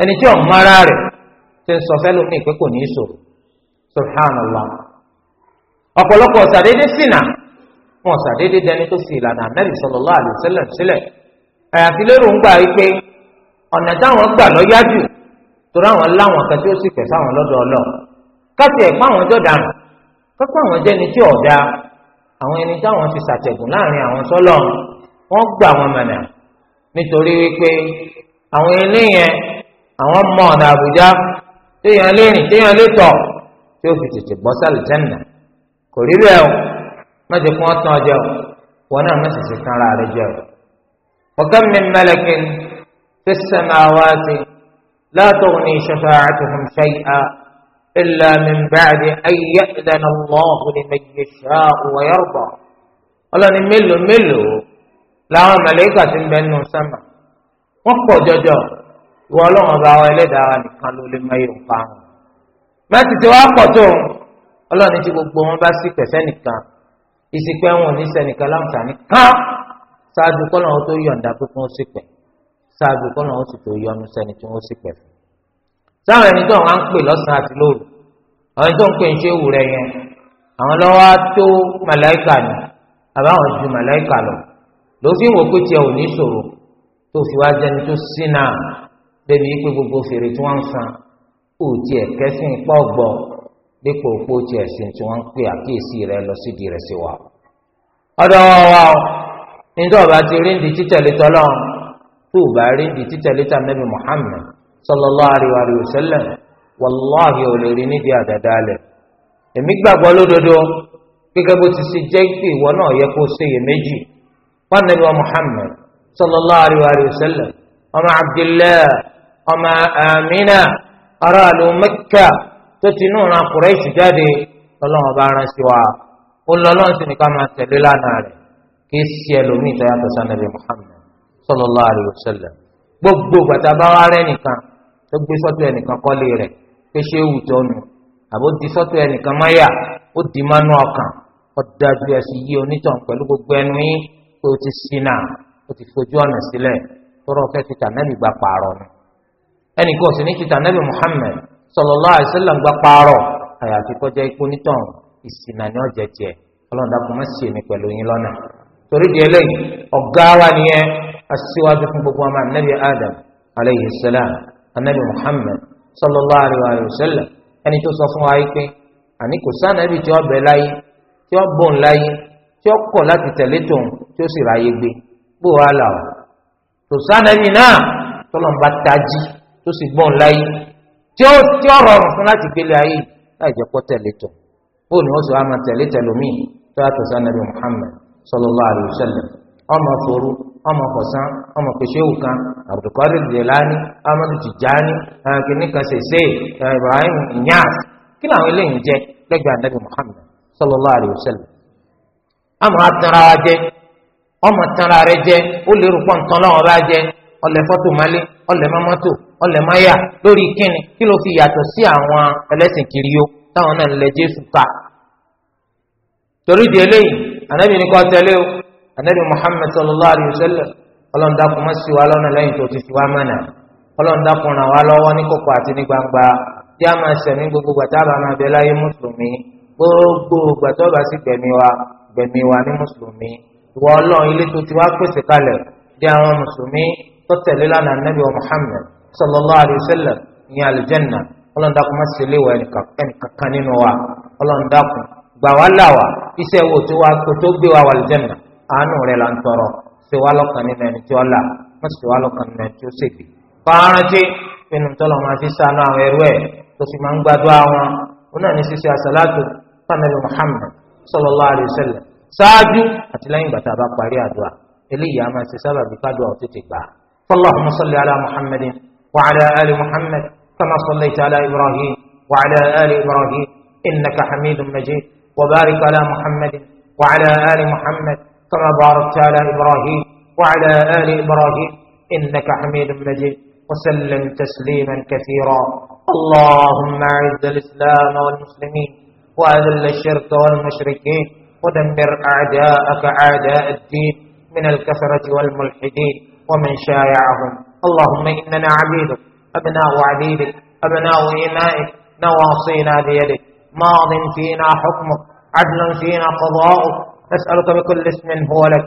ẹni tí ọ̀mọ ara rẹ̀ ṣe ń sọ fẹ́lú ní ìpé kò ní í sòrò subhanallah ọ̀pọ̀lọpọ̀ ṣàdédé ṣìnà wọn ṣàdédé dẹni tó sì ìlànà Ànábì sallallahu alaihi wasallam sílẹ̀ àyàfi lérò ń gbà ọ̀nà táwọn gbà kọ́kọ́ àwọn jẹ́ni tí ọ̀dà àwọn ẹni táwọn fi ṣàtẹ̀gùn láàrin àwọn sọ́lọ̀ wọ́n gbà wọn mọ̀nà nítorí wípé àwọn eléyẹn àwọn mọ ọ̀nà àbújá téèyàn lè rìn téèyàn lè tọ̀ tí ó fi tètè gbọ́ sálì jẹ́nà kò rí bẹ́ẹ̀ o má ti kún ọjọ́ wọn náà má sì kan ara rẹ jẹ́ o. ọ̀gá mi mẹ́lẹ̀kìn fi sẹ́mi àwa ti látọ̀ ní ìṣẹ̀fẹ̀ àtúnṣe إلا من بعد أن يأذن الله لمن يشاء ويرضى ọlọ́ni mélòó mélòó làwọn mẹ̀lẹ́kà ti ń bẹ nínú sẹ́mà wọ́n pọ̀ jọjọ ìwọ ọlọ́run ọba wa ẹlẹ́dàá wa nìkan ló lè mẹ́yìn òǹkà wọn. mẹ́tì tí wàá pọ̀ tó ń ọlọ́ni tí gbogbo wọn bá sí pẹ̀sẹ́ nìkan ìsìnkú ẹ̀wọ̀n oníṣẹ́nìkan láǹfààní kán ṣáájú kọ́nà wọn tó yọ̀ǹda pé kí wọ́n sì pẹ̀ ṣáájú kọ́nà wọn sì tó yọnu sẹ́ni tí wọ́n sì pẹ̀ fún sáwọn ẹni tó àwọn à ń pè lọ́sàn àti lóru àwọn ẹni tó ń pè ń ṣe wù rẹ yẹn àwọn lọ́wọ́ tó màláìkà ni àbáwọn ju màláìkà lọ lófin wò pé tiẹ̀ ò ní ṣòro tó fi wá jẹni tó sínà débi pé gbogbo fèrè tí wọ́n ń san kò tiẹ̀ kẹ́sìn pọ̀ gbọ́ dípò pé ó tiẹ̀ sìn tí wọ́n ń pè àkíyèsí rẹ lọ sídìí rẹ sí wa. ọ̀dọ̀ wa wa o níjọ́ ọba ti rí ndí títẹ̀lé tọ́lọ́ tó bá rí ndí títẹ̀lé tà Nábì Muhammad sallallahu alaihi wa sallam wàláhi ò lè rí nídìí àdàdálẹ̀ èmi gbàgbọ́ lódodo gẹ́gẹ́ bó ti ṣe jẹ́ pé ìwọ náà yẹ kó ṣèyẹ méjì pàǹdàbí wa muhammad sallallahu alaihi wa sallam ọmọ abdullahi ọmọ amina aráàlú mẹ́kà tó ti inú ran kùrẹ́ẹ̀sì jáde lọ́lọ́run bá rán sí wa ó lọ́lọ́run sì ní ká máa tẹ̀lé lánàá rẹ̀ kí sí ẹlòmíì tó yàtọ̀ sanabi muhammad sallallahu alaihi gbogbo gbàtà bá wà rẹ́ nìkan tó gbé sọ́tọ̀ ẹnìkan kọ́lé rẹ̀ pé ṣé ewu tó nù àbó di sọ́tọ̀ ẹnìkan máyà ó di mánú ọkàn ó dájú ẹsìn yí onítàn pẹ̀lú gbogbo ẹnu yín pé ó ti ṣìnà ó ti fojú ọ̀nà sílẹ̀ tọrọ fẹ́ fi tànàbì gba pààrọ̀ nù ẹnìkan sì ní ti tànàbì Muhammad sallallahu alaihi wasallam gba pààrọ̀ àyàfi kọjá ikú onítàn ìṣìnà ni ọ̀jẹ̀ tiẹ̀ ọlọ́run dàpọ̀ má ṣe mi pẹ̀lú yín lọ́nà torí di eléyìí ọ̀gá Adam alayhi salam anabi muhammed sallallahu alayhi wa sallam ẹni tó sọ fún wa yìí pé àní kò sá anabi tí ó bẹ láyé tí ó bọ̀ láyé tí ó kọ̀ láti tẹ̀lé tòun tí ó sì ráyé gbé bó wàá là ó kò sá anabi náà tọ́lọ́mùbá tají tó sì gbọ̀n láyé tí ó tí ó rọrùn fún láti gbélé ayé láì jẹ́ pọ́ tẹ̀lé tòun bó ni wọ́n sọ àmà tẹ̀lé tẹ̀lómi tó yàtọ̀ sá anabi muhammed sallallahu alayhi wa sallam ọmọ fòrú. ọmọ kọsán ọmọ kòṣewu kan abdulkadir jelani amadu ibrahim kí làwọn eléyìí jẹ anabi muhammed sallallahu alayhi wa sallam atara wa jẹ ọmọ tara rẹ jẹ ó lérò pọ ntọ lọ́wọ́ bá jẹ ọlẹ fọtò malé ọlẹ mamato ọlẹ maya lórí kíni kí ló fi yàtọ̀ sí àwọn ẹlẹ́sìn kiri yó táwọn náà anabi muhammed sallallahu alayhi wa sallam ọlọ́run dákun má ṣì wá lọ́nà lẹ́yìn tó ti ṣì wá mọ̀nà ọlọ́run dákun ràn wá lọ́wọ́ ní kọ̀kọ̀ àti ní gbangba tí a máa ṣẹ̀mí gbogbo gbàtà bá máa bẹ láyé mùsùlùmí gbogbo gbàtà bá sì gbẹ̀mí wa gbẹ̀mí wa ní mùsùlùmí ìwọ ọlọ́run ilé tó ti wá pèsè kalẹ̀ di àwọn mùsùlùmí tó tẹ̀lé lánàá anabi muhammed sallallahu alayhi wa sallam ní alìjẹ́nà ọlọ́run dákun má ṣì lé wa ẹnìkankan nínú wa ọlọ́run dákun gbà wá là wá iṣẹ́ tó gbé wa wà alìjẹ́nà àánú rẹ̀ là ń tọrọ ṣe wá lọ́kàn nínú ẹni tí ó là wọ́n sì ṣe wá lọ́kàn nínú ẹni tí ó ṣègbè. fárántí pinnu tọ́lọ̀ máa fi sànú àwọn ẹrú ẹ̀ tó fi máa ń gbàdúrà wọn ó náà ní ṣíṣe àṣàlátù fanabi Muhammad sallallahu alayhi wa sallam ṣáájú àti lẹ́yìn ìgbà tá a bá parí àdúrà eléyìí a máa ṣe sábà bí kádùá ó tètè gbà. Allahumma salli ala Muhammadin wa ala ali Muhammad كما باركت على إبراهيم وعلى آل إبراهيم إنك حميد مجيد وسلم تسليما كثيرا اللهم أعز الإسلام والمسلمين وأذل الشرك والمشركين ودمر أعداءك أعداء الدين من الكفرة والملحدين ومن شايعهم اللهم إننا عبيدك أبناء عبيدك أبناء إمائك نواصينا بيدك ماض فينا حكمك عدل فينا قضاؤك نسألك بكل اسم هو لك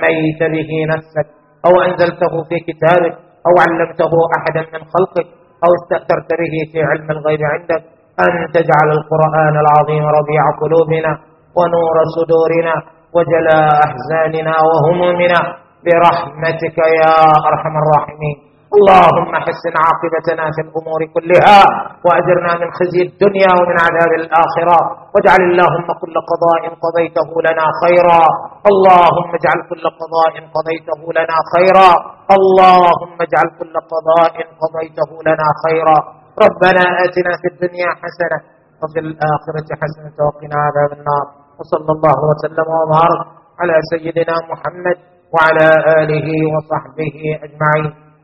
سميت به نفسك أو أنزلته في كتابك أو علمته أحدا من خلقك أو استأثرت به في علم الغيب عندك أن تجعل القرآن العظيم ربيع قلوبنا ونور صدورنا وجلاء أحزاننا وهمومنا برحمتك يا أرحم الراحمين اللهم حسن عاقبتنا في الأمور كلها وأجرنا من خزي الدنيا ومن عذاب الآخرة واجعل اللهم كل قضاء قضيته لنا خيرا اللهم اجعل كل قضاء قضيته لنا خيرا اللهم اجعل كل قضاء قضيته لنا خيرا ربنا آتنا في الدنيا حسنة وفي الآخرة حسنة وقنا عذاب النار وصلى الله وسلم وبارك على سيدنا محمد وعلى آله وصحبه أجمعين